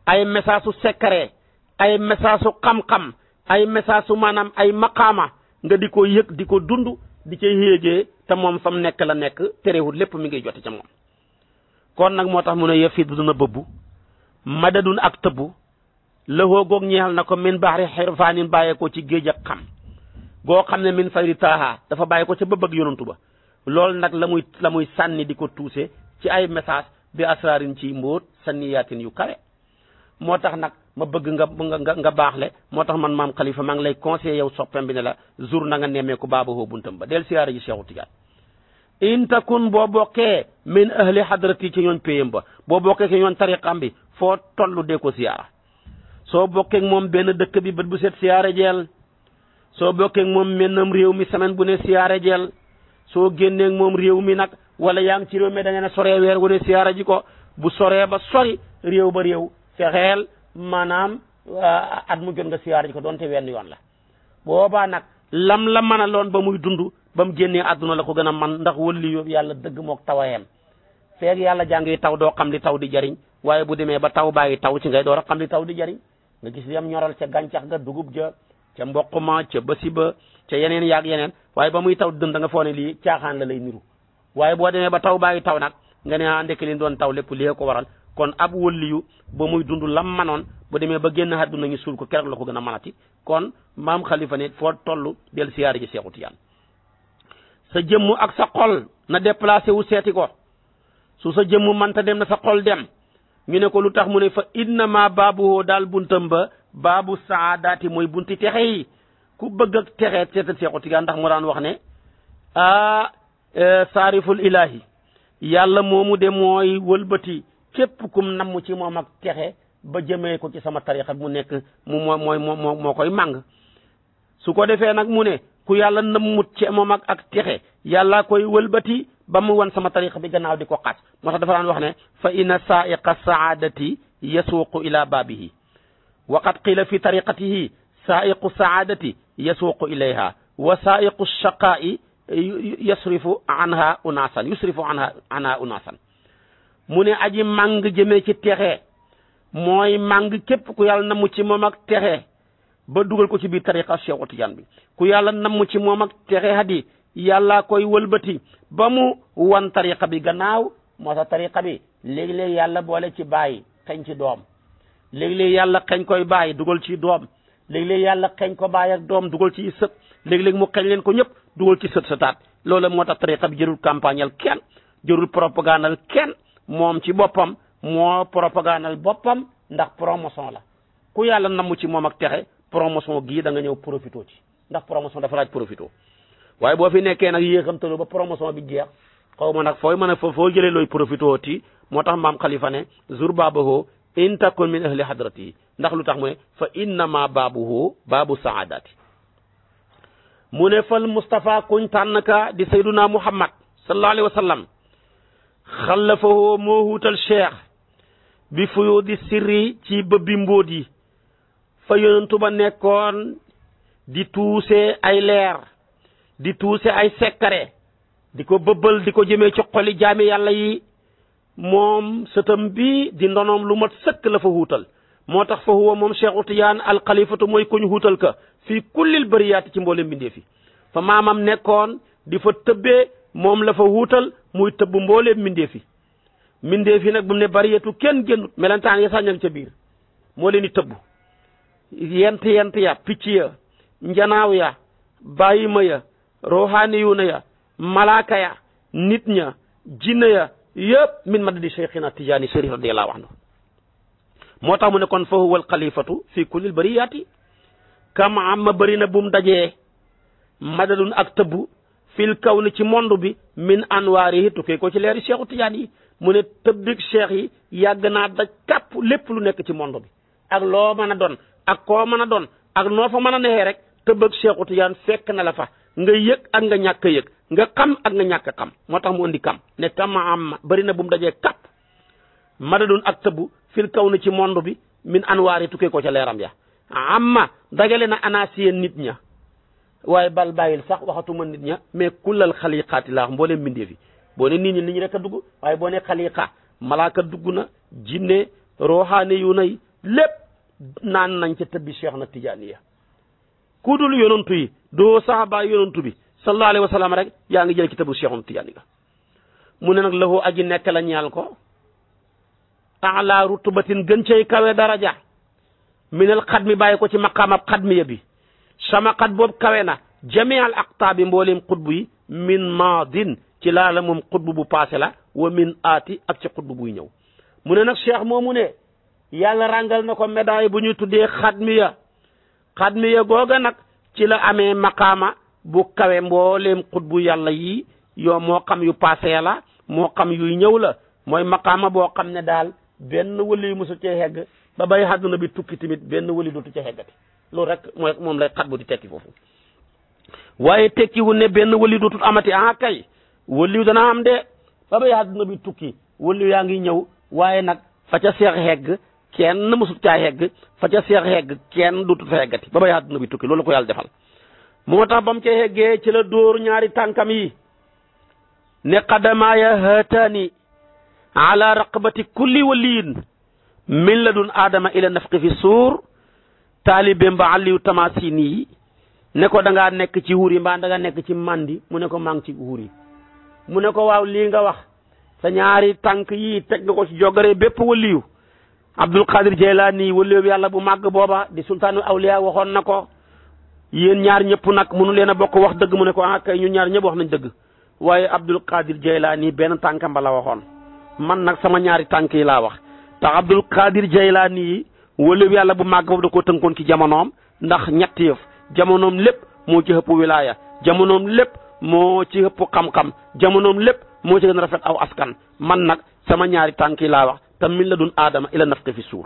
ay message su secret ay message su xam-xam ay message su maanaam ay maqaama nga di ko yëg di ko dund di cay yéegee te moom fa mu nekk la nekk terewul lépp mi ngi jote ca moom kon nag moo tax mu ne yëf it na bëbbu madadun ak tëbbu lëxoo goog ñeexal na ko min baax ri xirfaanin bàyyee ko ci géej ak xam goo xam ne min fayri taaha dafa bàyyi ko ca bëbëg yonantu ba loolu nag la muy la muy sànni di ko tuuse ci ay message bi asraarin ci mbóot sanniyaatin yu kawe moo tax nag ma bëgg nga nga nga baaxle moo tax man maam kalifa maa lay conseillé yow soppem bi ne la jour na nga nemmeeku baaba hoo buntam ba del siyaara ji Seexu Tijaan in takun boo bokkee min ahli hadrati ci ñooñ péyam ba boo bokkee ci ñooñ tariqam foo toll dee ko siyaara soo bokkeeg moom benn dëkk bi bët bu set siyaare jeel soo bokkeeg moom mennam réew mi semaine bu ne soo génneeg moom réew mi nag wala yaa ngi ci réew mi da ngeen a soree weer wane siyaara ji ko bu soree ba sori réew ba réew fexeel maanaam uh, at mu jot nga siyaara ji ko donte wenn yoon la boobaa nag lam la mën a loon ba muy dundu ba mu génnee àdduna la ko gën a man ndax wëlli yóbbu yàlla dëgg mook tawayam feeg yàlla jàngi taw doo xam li taw di jariñ waaye bu demee ba taw bàyyi taw ci ngay doo a xam li taw di jariñ nga gis yam ñoral ca gàncax ga dugub ja ca ma basi ba ca yeneen yaag yeneen waaye ba muy taw dën da nga foo ne lii caaxaan la lay niru waaye boo demee ba taw baagi taw nag nga ne ah ndekk li doon taw lépp li ko waral kon ab wëlliyu ba muy dundu lam manoon bu demee ba génn àdduna ñu suul ko keroog la ko gën a manati kon maam xalifa ne foo toll del siyaare ji Seexu Tijaan sa jëmm ak sa xol na déplacé wu seeti ko su sa jëmm manta dem na sa xol dem ñu ne ko lu tax mu ne fa innama baabuhoo daal buntam ba baabu saadaati mooy bunti texe yi ku bëgg ak texeet seetal seexu tijaan ndax mu daan wax ne ah saariful ilaahi yàlla moomu de mooy wëlbati képp kum namm ci moom ak texe ba jëmee ko ci sama tarixa mu nekk mu moo mooy moo moo koy màng su ko defee nag mu ne ku yàlla nammut ci moom ak ak texe yàlla koy wëlbati ba mu wan sama tarixa bi gannaaw di ko xaas moo tax dafa daan wax ne fa ina saaiqa saadati yasuuqu ila baabihi wa qad qila fi tariqatihi saaiqu saadati yasuuqu ilayha wa saaiqu shaqaa'i yasrifu anha unaasan yusrifu anha anha unaasan mu ne aji màng jëmee ci texe mooy màng képp ku yàlla namm ci moom ak texe ba dugal ko ci biir tariqa Cheikh Tidiane bi ku yàlla namm ci moom ak texe hadi yàlla koy wëlbati ba mu wan tariqa bi gannaaw moo tax tariqa bi léegi-léegi yàlla boole ci bàyyi xeñ ci doom léegi-léegi yàlla xeñ koy bàyyi dugal ci doom léeg-léeg yàlla xeeñ ko baay ak doom dugal ci sët léeg-léeg mu xeeñ leen ko ñëpp dugal ci sët sëtaat loolu moo tax tariqa bi jërul campagnal kenn jërul propagandal kenn moom ci boppam moo propagandal boppam ndax promotion la ku yàlla namm ci moom ak texe promotion gii da nga ñëw profito ci ndax promotion dafa laaj profito waaye boo fi nekkee nag yéexamtaloo ba promotion bi jeex xaw ma nag fooy mën a foo foo jëlee looy profito ti moo tax maam xalifa ne jour in takun min ahli hadratihi ndax lu tax mu ne fa innama baabuhu baabu saadati mu ne fal Moustapha kuñ tànn di sayduna muhammad sallallahu alayhi wa sallam xallafahoo moo huutal cheikh bi fuyoo di sirri ci bëbbi mbóot yi fa yonentu ba nekkoon di tuuse ay leer di tuuse ay sekkare di ko bëbbal di ko jëmee ci xoli jaami yàlla yi moom sëtam bi di ndonoom lu mat sëkk la fa wuutal moo tax fa huwa moom cheikhu tiyaan alxalifatu mooy kuñ wuutal ka fii kullil bariyaati ci mboolem bindee fi fa maamam nekkoon di fa tëbbee moom la fa wuutal muy tëbb mbooleem mbindee fi mbindee nag bu mu ne bariyatu kenn génnut melentaan ya sàññang ca biir moo leen di tëbb yent yent ya picc ya njanaaw ya bàyyima nit ña jinne yëpp min madadi cheikhina tijaani sharif radiallahu anhu moo tax mu ne kon fa huwa alxalifatu fi kullil bariyaati kam amma bëri na bu mu dajee madadun ak tëbb fil kaw ni ci monde bi min anwaari yi tukkee ko ci leer cheikhu tijaan yi mu ne tëbbik cheikh yi yàgg naa daj kàpp lépp lu nekk ci monde bi ak loo mën a doon ak koo mën a doon ak noo fa mën a nexee rek tëbbak cheikhu tijaan fekk na la fa nga yëg ak nga ñàkk a yëg nga xam ak nga ñàkk xam moo tax mu indi kam ne kam am bëri na bu mu dajee kàpp madadun ak tëbb fil kaw na ci mond bi min anwaar yi ko ca leeram ya amma dagale na anasiye nit ña waaye bal bàyyil sax waxatuma nit ña mais kullal xaliqaati la mbooleem mbindeef yi boo ne nit ñi nit rek a dugg waaye boo ne xaliqa malaaka dugg na jinne roxaane yu nay lépp naan nañ ca tëbbi cheikh na tijaaniya ku dul yonantu yi doo saxaaba yonantu bi sallallahu alayhi rek yaa ngi jël kitabu Cheikhun Tijaani ga mu ne nag lahu aji nekk la ñaal ko ala rutubatin gën cay kawe daraja minal xad mi bàyyi ko ci maqaamab xadmiya bi sama xad boobu kawe na jamii al aqtaabi mbooleem xutbu yi min maadin ci laala moom xutbu bu paase la wa min aati ak ci xutbu buy ñëw mu ne nag cheikh moomu ne yàlla ràngal na ko médaille bu ñu tuddee xadmiya xadmiya googa nag ci la amee maqaama bu kawe mbooleem bu yàlla yii yoo moo xam yu passé la moo xam yuy ñëw la mooy maqaama boo xam ne daal benn wëli yu mosu cee xegg ba bay àdduna bi tukki tamit benn wëli dootu ci loolu rek mooy moom lay di tekki foofu waaye tekkiwu ne benn wëli amati ah kay wëliw dana am de ba bay àdduna bi tukki wëliw yaa ngi ñëw waaye nag fa ca seex xegg kenn mosut caa xegg fa ca seex xegg kenn dootul fa xeggati ba bay àdduna bi tukki loolu ko yàlla defal moo tax ba mu ca heggee ci la dóor ñaari tànkam yi ne qadamaaya haataani ala raqabati kulli waliin min ladun aadama ila nafqi fi suur taalibe mba aliyu tamasini nii ne danga nekk ci wuri mbaa da nekk ci mandi mu ne ko maa ngi ci wuri mu ne ko waaw lii nga wax sa ñaari tànk yii teg nga ko ci jogare bépp waliyu abdul qadir jeylaani waliyu yàlla bu màgg booba di aw awliya waxoon na ko yéen ñaar ñëpp nag mënu a bokk wax dëgg mu ne ko ah kay ñun ñaar ñëpp wax nañ dëgg waaye Abdul Qadir Jaylaani benn tànkam ba waxoon man nag sama ñaari tànk yi laa wax tax Abdul Qadir Jaylaani yi wëlëb yàlla bu màgg boobu da koo tënkoon ci jamonoom ndax ñetti yëf jamonoom lépp moo ci ëpp wilaaya jamonoom lépp moo ci ëpp xam-xam jamonoom lépp moo ci gën a rafet aw askan man nag sama ñaari tànk yi laa wax te min la dun aadama ila la fi suur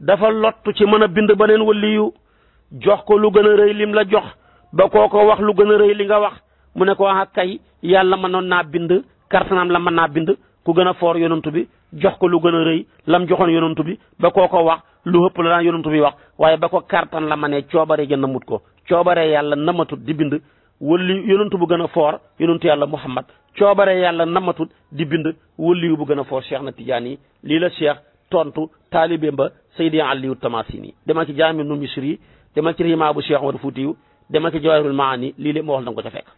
dafa lottu ci mën a bind beneen waliyu jox ko lu gën a rëy lim la jox ba koo ko wax lu gën a rëy li nga wax mu ne ko wax kay yàlla noon naa bind kartanaam la mën naa bind ku gën a foor yonantu bi jox ko lu gën a rëy lam joxoon yonantu bi ba koo ko wax lu hëpp la daan yonantu bi wax waaye ba ko kartan la ma ne coobare ja namut ko coobare yàlla namatut di bind wali yonantu bu gën a foor yonantu yàlla muhammad coobare yàlla namatut di bind waliyu bu gën a foor cheikh na tidiane yi lii la cheikh tontu taalibe ba Seydi Aliou Tamasini dama ci jaami nu misri demal ci rima bu Cheikh Omar Fuutiyu demal ci jawahirul maani lii lépp ma wax na ko ca fekk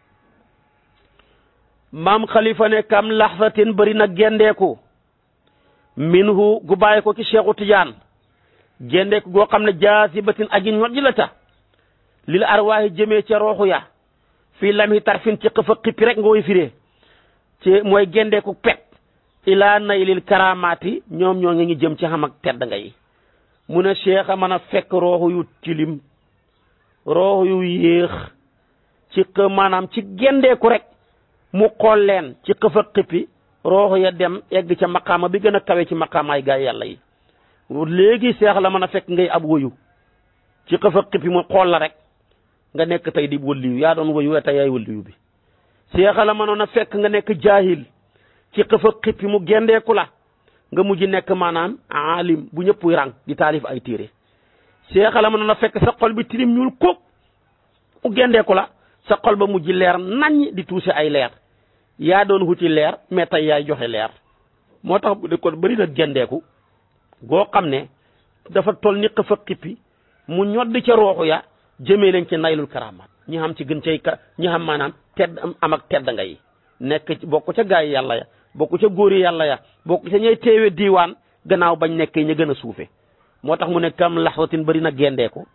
maam xalifa ne kam laxsatin bëri na gendeeku minhu gu bàyyi ko ci Cheikhu Tijaan gendeeku goo xam ne jaasibatin aji ñojji la ta lil arwaahi jëmee ca rooxu ya fii lamhi tarfin ci xëfa xippi rek nga woy firee ci mooy gendeeku pet ilaa naylil karaamaati ñoom ñoo ngi ñu jëm ci xam ak tedd nga mu na cheikh a mën a fekk rooxu yu tilim rooxu yu yéex ci xë maanaam ci gendeeku rekk mu xool leen ci xëfa xippi rooxu ya dem egg ca maqaama bi gën a kawe ci maqaamaay gay yàlla yi léegi seex la mën a fekk ngay ab woyu ci xëfa xippi mu xool la rek nga nekk tey di wëlliyu yaa doon woyu we tey yaay bi seex la mënoon a fekk nga nekk jaahil ci xëfa xippi mu gendeeku la nga mujj nek manan alim bu ñëpp rang di talif ay tire cheikh la mën na fekk sa xol bi tirim ñul ko u ko la sa xol ba mujj leer nañ di tuuse ay leer ya doon huti leer mais tey joxe leer motax bu ko bari na gende ko go ne dafa tol ni xefa xipi mu ñodd ci roxu ya jëmee leen ci naylul karamat ñi xam ci gën cay ñi xam maanaam tedd am ak tedd nga yi gaay yalla ya bokku ca góori yàlla ya bokku ca ñay teewe diiwaan gannaaw bañ nekke ña gën a suufe moo tax mu ne kam laxwatin bëri na gendeeku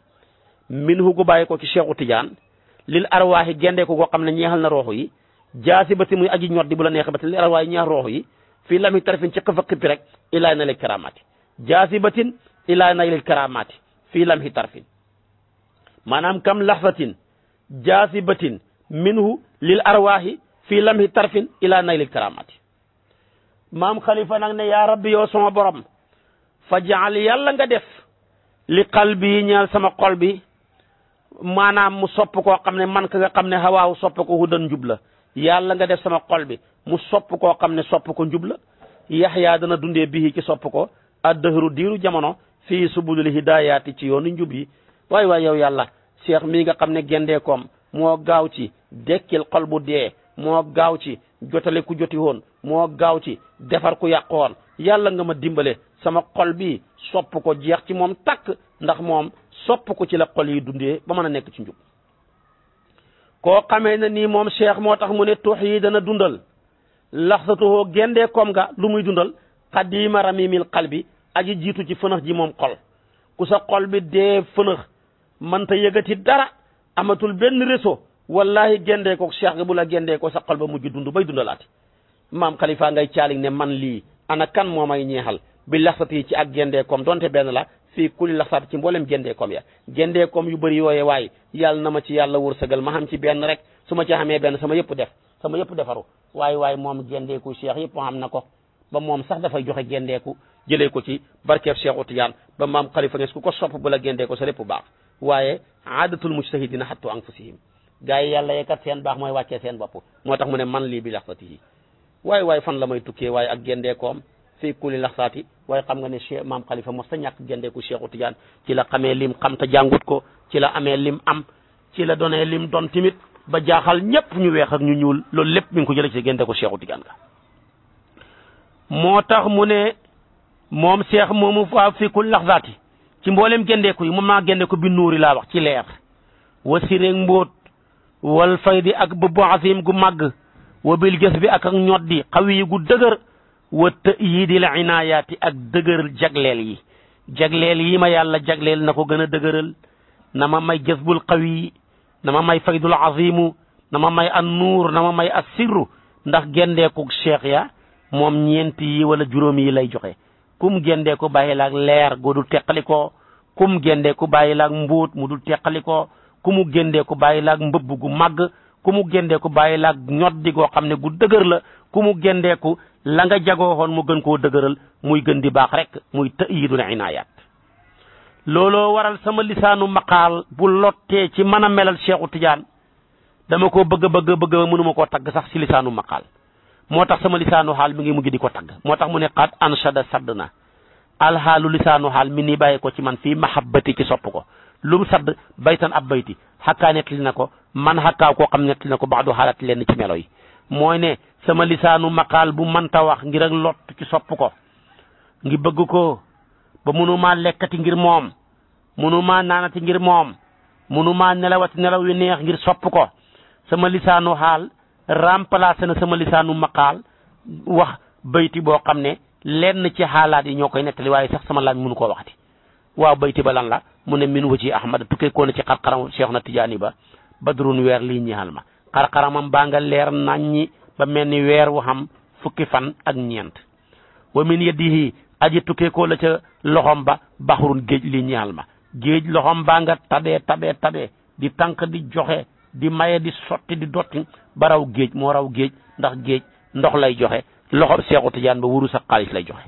min hu gu bàyyi ko ci Cheikhu Tidiane lil arwaaxi gendeeku goo xam ne ñeexal na rooxu yi jaasibati muy aji ñor di bu la neexee ba te lil arwaaxi ñeexal rooxu yi fii lami tarfin ci xëfa xippi rek ilaa na lil karamaati jaasibatin ilaa na lil karamaati fii lam hi tarfin maanaam kam laxwatin jaasibatin minhu lil arwaaxi fii lam hi tarfin ilaa na lil maam xalifa nag ne yaa rabbi yow sama borom fa jaal yàlla nga def li bi qalbi ñeel sama xol bi maanaam mu sopp koo xam ne man ka nga xam ne xawaaw sopp ko hudan njub njubla yàlla nga def sama xol bi mu sopp koo xam ne sopp ko njub la yaxyaa dana dundee bii ci sopp ko addëhru diiru jamono fii subulul hidayaati ci yoonu njub yi waay waay yow yàlla cheikh mii nga xam ne gendeekoom moo gaaw ci dekkil xol bu dee moo gaaw ci jotale ku joti woon moo gaaw ci defar ku yàqoon yàlla nga ma dimbale sama xol bi sopp ko jeex ci moom takk ndax moom sopp ko ci la xol yi dundee ba mën a nekk ci njub koo xamee ne nii moom cheikh moo tax mu ne tux yi dana dundal laxsatuhoo gendee kom nga lu muy dundal xadiima ramimil xal bi aji jiitu ci fënax ji moom xol ku sa xol bi dee fënax mënta yëgati dara amatul benn réseau wallahi gendee ko cheikh nga bu la gendee ko sa xol ba mujj dund bay dundalaate maam xalifa ngay caali ne man lii ana kan moo may ñeexal bi laxsati ci ak gendee koom donte benn la fii kuli laxsaat ci mboolem gendee koom ya gendee koom yu bëri yooye waaye yàlla na ma ci yàlla wërsëgal ma xam ci benn rek su ma ci xamee benn sama yëpp def sama yëpp defaru waaye waaye moom gendeeku cheikh yëpp xam na ko ba moom sax dafay joxe gendeeku jëlee ko ci barkeeb cheikh utiyaan ba maam xalifa ngees ko sopp bu la gendee ko sa lépp baax waaye aadatul mujtahidina xattu anfusihim gaa yàlla yekat seen baax mooy wàccee seen bopp moo tax mu ne man lii bi laxsatihi waaye waaye fan la may tukkee waaye ak gendeekoom fii kuli laxsaati waaye xam nga ne cheikh maam xalifa mos ta ñàkk gendeeku cheikhu tidiane ci la xamee lim xam te jàngut ko ci la amee lim am ci la donee lim don timit ba jaaxal ñëpp ñu weex ak ñu ñuul loolu lépp mi ngi ko jëlee ci gendeeku cheikhu tidiane ka moo tax mu ne moom cheikh moomu fa fii kuli laxsaati ci mboolem gendeeku yi moom maa gendeeku bi nuuri laa wax ci leer wasiree mbóot wal faydi ak bëbbu asim gu màgg wa bil jës bi ak ak ñoddi xawi gu dëgër wa të yii di la inaayaati ak dëgër jagleel yi jagleel yi ma yàlla jagleel na ko gën a dëgëral na ma may jësbul xawi na ma may faydul azimu na ma may an nuur na ma may as sirru ndax gendeeku cheikh ya moom ñeent yi wala juróom yi lay joxe kum gendeeku bàyyi laak leer gu dul teqali ko kum gendeeku bàyyi laak mbuut mu dul teqali ko ku mu géndee ku bàyyi laag mbëbb gu màgg ku mu géndeeku bàyyi laag ñoddi goo xam ne gu dëgër la ku mu géndeeku la nga jagooxoon mu gën koo dëgëral muy gën di baax rek muy tayidul inayat looloo waral sama lisaanu maqaal bu lottee ci man a melal Cheikhu Tidiane dama ko bëgg bëgg bëgg mënuma koo tagg sax si lisaanu maqaal moo tax sama lisaanu xaal mi ngi mujj di ko tagg moo tax mu ne xat anshada sadd na alxaalu lisaanu xaal mi ni bàyyi ko ci man fii mahabbati ci sopp ko lu mu sadd baytan ab bayti xakkaa nettali na ko man xakkaa koo xam nettali na ko bax du xaalat lenn ci melo mooy ne sama lisaanu maqaal bu mënta wax ngir ak lott ci sopp ko ngi bëgg ko ba mënumaa lekkati ngir moom mënumaa naanati ngir moom mënumaa ti nelaw yu neex ngir sopp ko sama lisaanu xaal remplacé na sama lisaanu maqaal wax bayti boo xam ne lenn ci xaalaat yi ñoo koy nettali waaye sax sama laaj mënu koo waxati waaw bayti ba lan la mu ne min waji ahmad tukkee koo ne ci xarxaram cheikh na tijaani ba badrun weer lii ñaal ma xarxaramam baa nga leer naññi ba mel ni weer waxam xam fukki fan ak ñeent wa min yadihi aji tukkee la ca loxoom ba baxrun géej lii ñaal ma géej loxoom baa nga tabee tabee tabee di tànk di joxe di maye di sotti di dotti ba raw géej moo raw géej ndax géej ndox lay joxe loxo seexu tijaan ba wurus ak xaalis lay joxe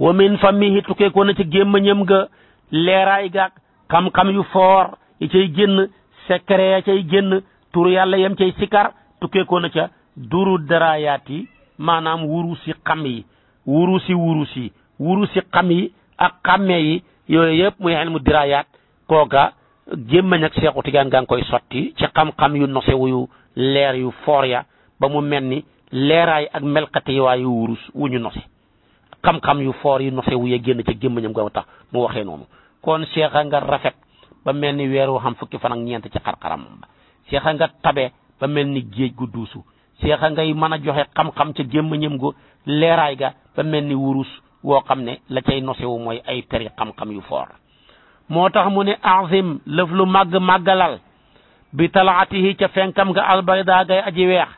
wa min fammihi tukkeekoo na ca gémmañam ga leeraay gaag xam yu foor yi cay génn secret ya cay génn tur yàlla yam cay sikar tukkeekoo na ca duru darayaat yi maanaam yi xam yi wurusi wurusi wurusi xam yi ak xàmme yi yooyu yëpp muy ilmu dirayaat kooka gémmañ ak seexu tigaan gaa ngi koy sotti ci xam-xam yu nosewuyu leer yu foor ya ba mu mel ni leeraay ak melkati waayu wurus wu ñu nose xam-xam yu foor yi noxewu ya génn ca gémmañam nga tax mu waxee noonu kon cheikh a nga rafet ba mel ni weer wu xam fukki fan ak ñeent ci xar-xaram ba cheikh a nga tabe ba mel ni géej gu duusu cheikh a ngay man a joxe xam-xam ca gémmañam gu leeraay ga ba mel ni wurus woo xam ne la cay nosewu mooy ay peri xam-xam yu foor moo tax mu ne azim lëf lu màgg màggalal bi talaatihi ca fenkam nga albayda gay aji weex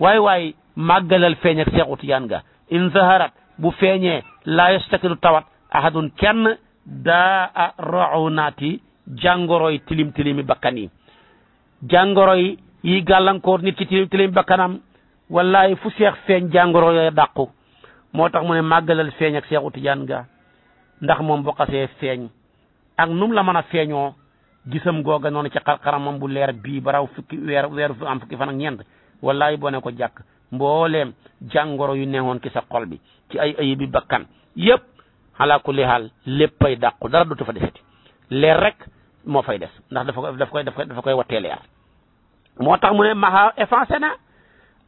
waay waay màggalal feeñ ak seexu tiyaan nga in zaharat bu feeñee laa yastakiru tawat ahadun kenn daa a raunaati jàngoroy tilim tilimi bakkan yi jàngoroy yi gàllankoor nit ki tilim tilimi bakkanam wallahi fu seex feeñ jàngoro yooyu dàqu moo tax mu ne màggalal feeñ ak seexu tijaan ga ndax moom bu xasee feeñ ak num la mën a feeñoo gisam googa noonu ci xar moom bu leer bii baraw fukki weer weer fi am fukki fan ak ñeent wallahi boo ko jàkk mbooleem jàngoro yu neexoon ci sa xol bi ci ay ayibi bakkan yëpp ala kulli haal léppay dàqu dara dootu fa defeti leer rek moo fay des ndax dafa daf koy dafa koy wattee leer moo tax mu ne maha effacé na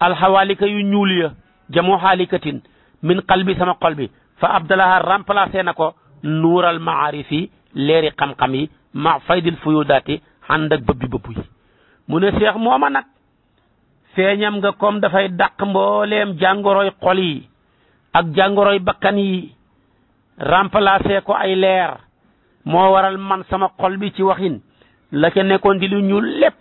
alxawaalika yu ñuul ya jamoo xaalikatin min qalbi sama xol bi fa abdalaha remplacé na ko nuural maarif yi leeri xam-xam yi ma faydil fuyudaati ànd ak bëbbi bëbbu yi mu ne seex mooma nag feñam nga comme dafay dàq mbooleem jàngoroy xol yi ak jangoroy bakkan yi remplacer ko ay leer mo waral man sama xol bi ci waxin la ca nekkon di lu ñul lepp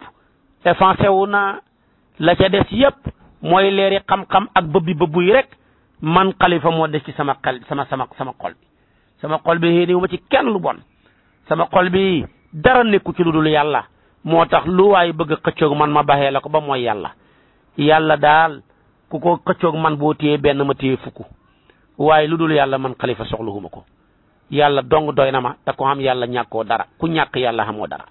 effacé wu la ca yépp leeri xam-xam ak bëbbi bëbbu rek man khalifa mo ci sama xel sama sama sama xol bi sama xol bi xéene wu ci kenn lu bon sama xol bi dara nekku ci luddul yalla motax lu way bëgg man ma baxee la ko ba moy yalla yàlla daal ku ko xëccoog man boo téyee benn ma téye fukk waaye lu dul yàlla man xalifa soxluwuma ko yàlla dong doy na ma te ko xam yàlla ñàkkoo dara ku ñàkk yàlla xamoo dara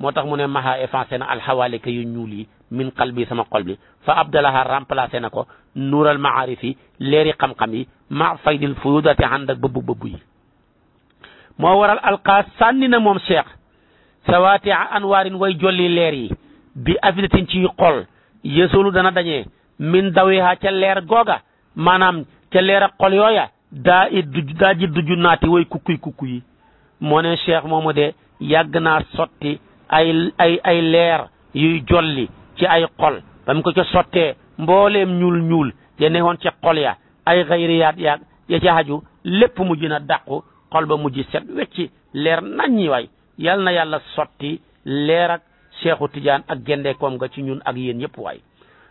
moo tax mu ne maha effacé na alxawaalika yu ñuul yi min xal bi sama xol bi fa abdalaha remplacé na ko nuural maarif yi leeri xam-xam yi ma faydil fuyudati ànd ak bëbbu bëbbu yi moo waral alqaas sànni na moom cheikh sawaati anwaarin way jolli leer yi bi afidatin ci yësulu dana dañee min dawiha ca leer googa maanaam ca leer ak xol yooya da it du daa ji duju naati way kukkuy kukku yi moo ne cheikh moomu de yàgg naa sotti ay ay ay leer yuy jolli ci ay xol ba ko ca sottee mbooleem ñuul ñuul ya newoon ca xol ya ay xayriyaat yaag ya ca haju lépp mujj na dàqu xol ba mujj set wecci leer nañ ñi yal na yàlla sotti leer Seexu Tijaan ak gendeekoom nga ci ñun ak yéen yëpp waay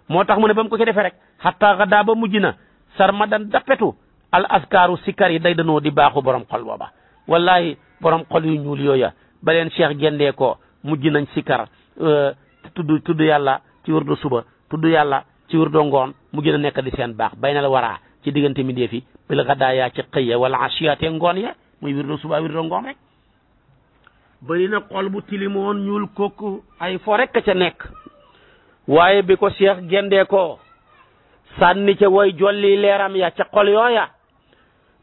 moo tax mu ne ba mu ko ci defee rek xataa xadaa ba mujj na sarma dan dappetu al askaaru sikkar yi day danoo di baaxu borom xol booba wallahi borom xol yu ñuul yooya ba leen cheikh ko mujj nañ sikkar euh, tudd tudd yàlla ci wërdu suba tudd yàlla ci wërdu ngoon mu gën nekk di seen baax bay na la waraa ci diggante mi dee fi bil xadaa yaa ci xëy ya wala asiyate ngoon ya muy wërdu suba wërdu ngoon bëri na xol bu tilimoon ñuul kokk ay fo rekk ca nekk waaye bi ko seex gendee ko sànni ca woy jolli leeram ya ca xol yooya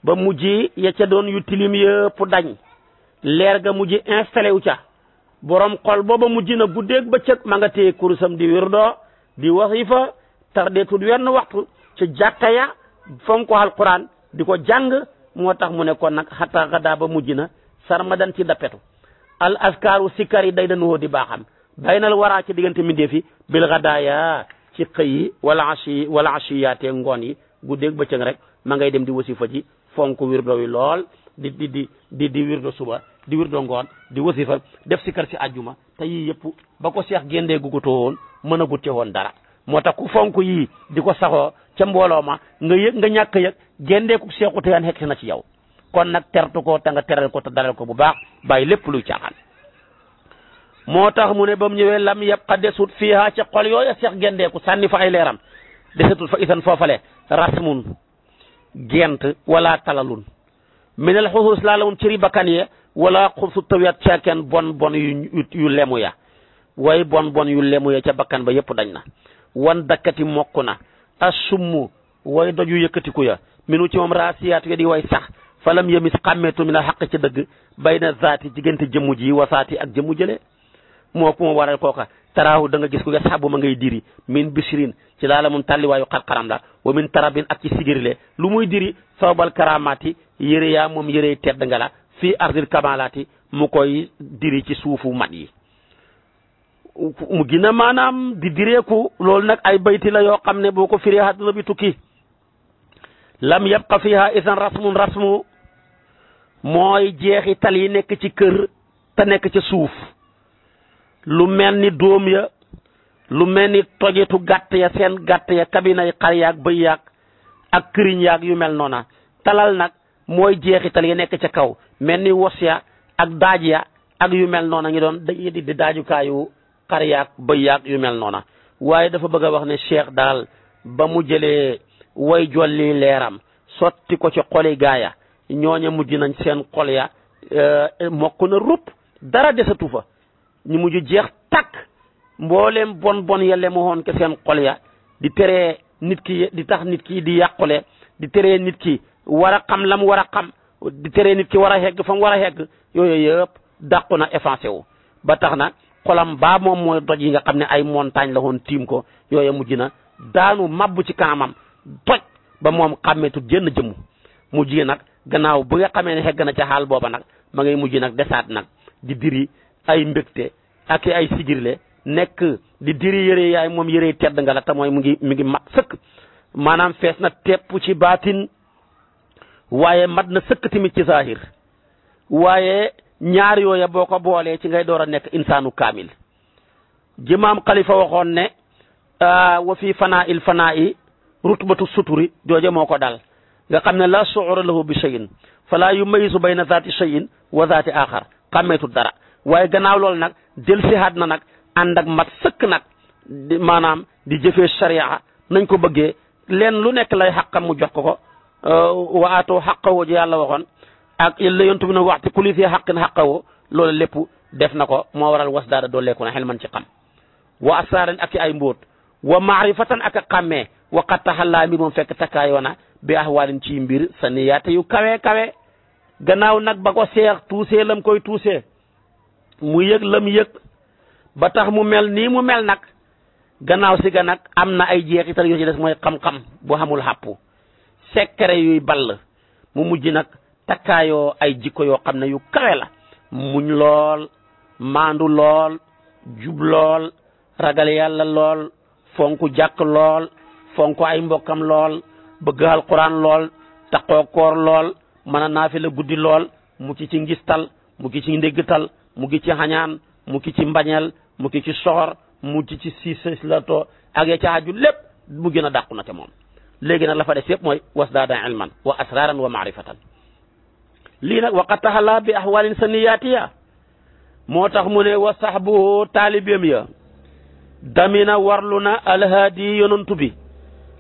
ba mujj ya ca doon yu tilim yëpp dañ leer ga mujj installé wu ca borom xol booba mujj na guddeeg bëccëg ma nga téye kurusam di wirdo di wasifa tardeetul wenn waxtu ca jàkka ya fonk ko alquran di ko jàng moo tax mu ne kon nag xataa xadaa ba mujji na sarmadan ci dappetu al askaaru sikkar yi day dañu di baaxam baynal waraa ci diggante mbindeef yi bil gadaaya ci xëy yi wala ashi wala ashiyaate ngoon yi ba bëccëg rek ma ngay dem di wasifa ji fonk wirdo wi lool di di di di di suba di wirdo ngoon di wasifa def sikkar si àjjuma te yii yëpp ba ko seex géndee gugutoo woon mën a gutte woon dara moo tax ku fonk yii di ko saxoo ca mbooloo ma nga yëg nga ñàkk yëg géndeeku seexu teyaan xekk na ci yow kon nag tertu ko ta nga teral ko te dalal ko bu baax bàyyi lépp lu caaxaan moo tax mu ne ba mu ñëwee lam yab xa desut fiiha ci xol yooya seex gendeeku sànni fa ay leeram desetul fa isan foofale rasmun gent wala talalun minal xusus laalawun ciri bakkan ye wala xubsu tawiyat ca kenn bon bon yu yu lemu ya way bon bon yu lemu ya ca bakkan ba yëpp dañ na wan dakkati mokk na a asummu way doju yëkkatiku ya minu ci moom raasiyaat ya di way sax falam yemit xàmmeetu mi na xaq ci dëgg bay na zaati diggante jëmmu ji wasaati ak jëmmu jële moo ko ma waral kooka taraahu da nga gis ko yasxabu ma ngay diri min bishrin ci laala moom tàlliwaayu xarxaram la wa min tarabin ak ci sigirile lu muy diri sawbal karamati yëre yaa moom yërey tedd nga la fii ardil kamalaati mu koy diri ci suufu mat yi mu gën a maanaam di direeku loolu nag ay bayti la yoo xam ne boo ko firee àdduna bi tukki lam yabqa fiha idan rasmun rasmu mooy jeexital yi nekk ci kër te nekk ca suuf lu mel ni doom ya lu mel ni tojitu gàtt ya seen gàtt ya kabinay xar yaag bëy yaag ak këriñ yaag yu mel noona talal nag mooy jeexi jeexital yi nekk ca kaw mel ni wos ya ak daaj ya ak yu mel noona ngi doon dañuy di daajukaayu xar yaag bëy yaag yu mel noona waaye dafa bëgg a wax ne cheikh daal ba mu jëlee way jolli leeram sotti ko ci xoli gaaya ñooña mujj nañ seen xol ya eh, mokk na rupp dara desatu fa ñu mujj jeex tak mboolem bon bon ya lemoon ke seen xol ya di teree nit ki di tax nit ki di yàqule di teree nit ki war a xam lam war xam di teree nit ki war a hegg fam war a hegg yooyu yëpp dàqu na effacé wu ba tax na xolam ba moom mooy doj yi nga xam ne ay montagne la tiim ko yooyu mujj na daanu mabbu ci kanamam toj ba moom xàmmeetut jënn jëmm mu jigéen nag gannaaw bu nga xamee ne xegg na ca xaal booba nag ma ngay mujj nag desaat nag di diri ay mbëgte ak ay sigirle nekk di diri yëre yaay moom yëre tedd nga la te mooy mu ngi mu ngi mat sëkk maanaam fees na tepp ci baatin waaye mat na sëkk tamit ci zahir waaye ñaar yooy boo ko boolee ci ngay door a nekk insaanu kaamil jimaam xalifa waxoon ne wa fi fanaa il fanaa yi rutbatu suturi jooje moo ko dal nga xam ne la suura lahu bi cheyin su bay na zaati cheyin wa zaati axar xàmmeetu dara waaye gannaaw loolu nag del sihaat na nag ànd ak mat sëkk nag maanaam di jëfee sharia nañ ko bëggee leen lu nekk lay xaqam mu jox ko ko euh, wa aatoo xaqawoo ji yàlla waxoon ak la yontu bi ne waxti kuli fii xaqin xaqawoo loolu lépp def na ko moo waral was daada dooleeku na xel man ci xam wa asaarin ak i ay mbóot wa maarifatan ak a xàmmee waqat taxallaa mbir moom fekk takkaayoo na bi ahwaalin ci mbir sa niyaate yu kawee kawe gannaaw nag ba ko seex tuusee lam koy tuusee mu yëg lam yëg ba tax mu mel nii mu mel nag gannaaw si ga nag am na ay jeexital yu ci des mooy xam-xam bu xamul xàpp sekkere yuy ball mu mujj nag takkaayoo ay jikko yoo xam ne yu kawe la muñ lool maandu lool jub lool ragal yàlla lool fonku jak lol, fonku ay mbokam lol bëgg alquran lol lol, koor lool mën a naafi la guddi lool mu ci ci ngistal mu ci ci ndéggtal mu ki ci xañaan mu ki ci temon, mu ki ci soxor mu ki ci la to ak ya aju mu gëna na ca mom legi la fa def ilman wa asraran wa maarifatan li nak wa qatahala bi ahwalin saniyatiya motax mu ne wa sahbu talibiyam ya damina warlu na alhaadi bi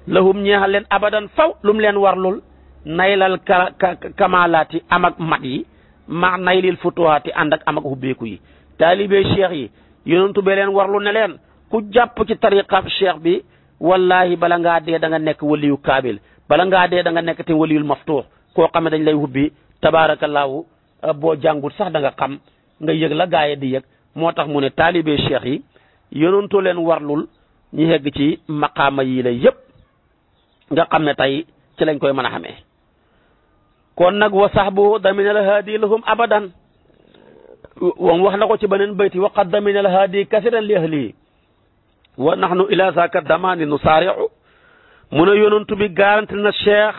lahum ñeexal leen abadan faw lum leen warlul naylal ka kamaalaati am ak mat yi ma naylil futuhaati ànd ak am ak hubbeeku yi taalibe cheikh yi yonontu be leen warlu ne leen ku jàpp ci tariqab cheikh bi wallahi bala ngaa dee danga nekk waliyu kaabil bala ngaa dee da nga nekk te waliyul maftuux koo xam ne dañ lay hubbi tabaarakallaahu boo jàngut sax da nga xam nga yëg la gaay di yëg moo tax mu ne taalibe cheikh yi yonantoo leen warlul ñu yegg ci maqaama yii la yëpp nga xam ne tey ci lañ koy mën a xamee kon nag wa sax damina al haadi lahum abadan wam wax na ko ci beneen bayti waqad damina al haadi kasiran li ahlihi wa nahnu ila zaka nu nusaariu mu ne yonantu bi garanti na cheikh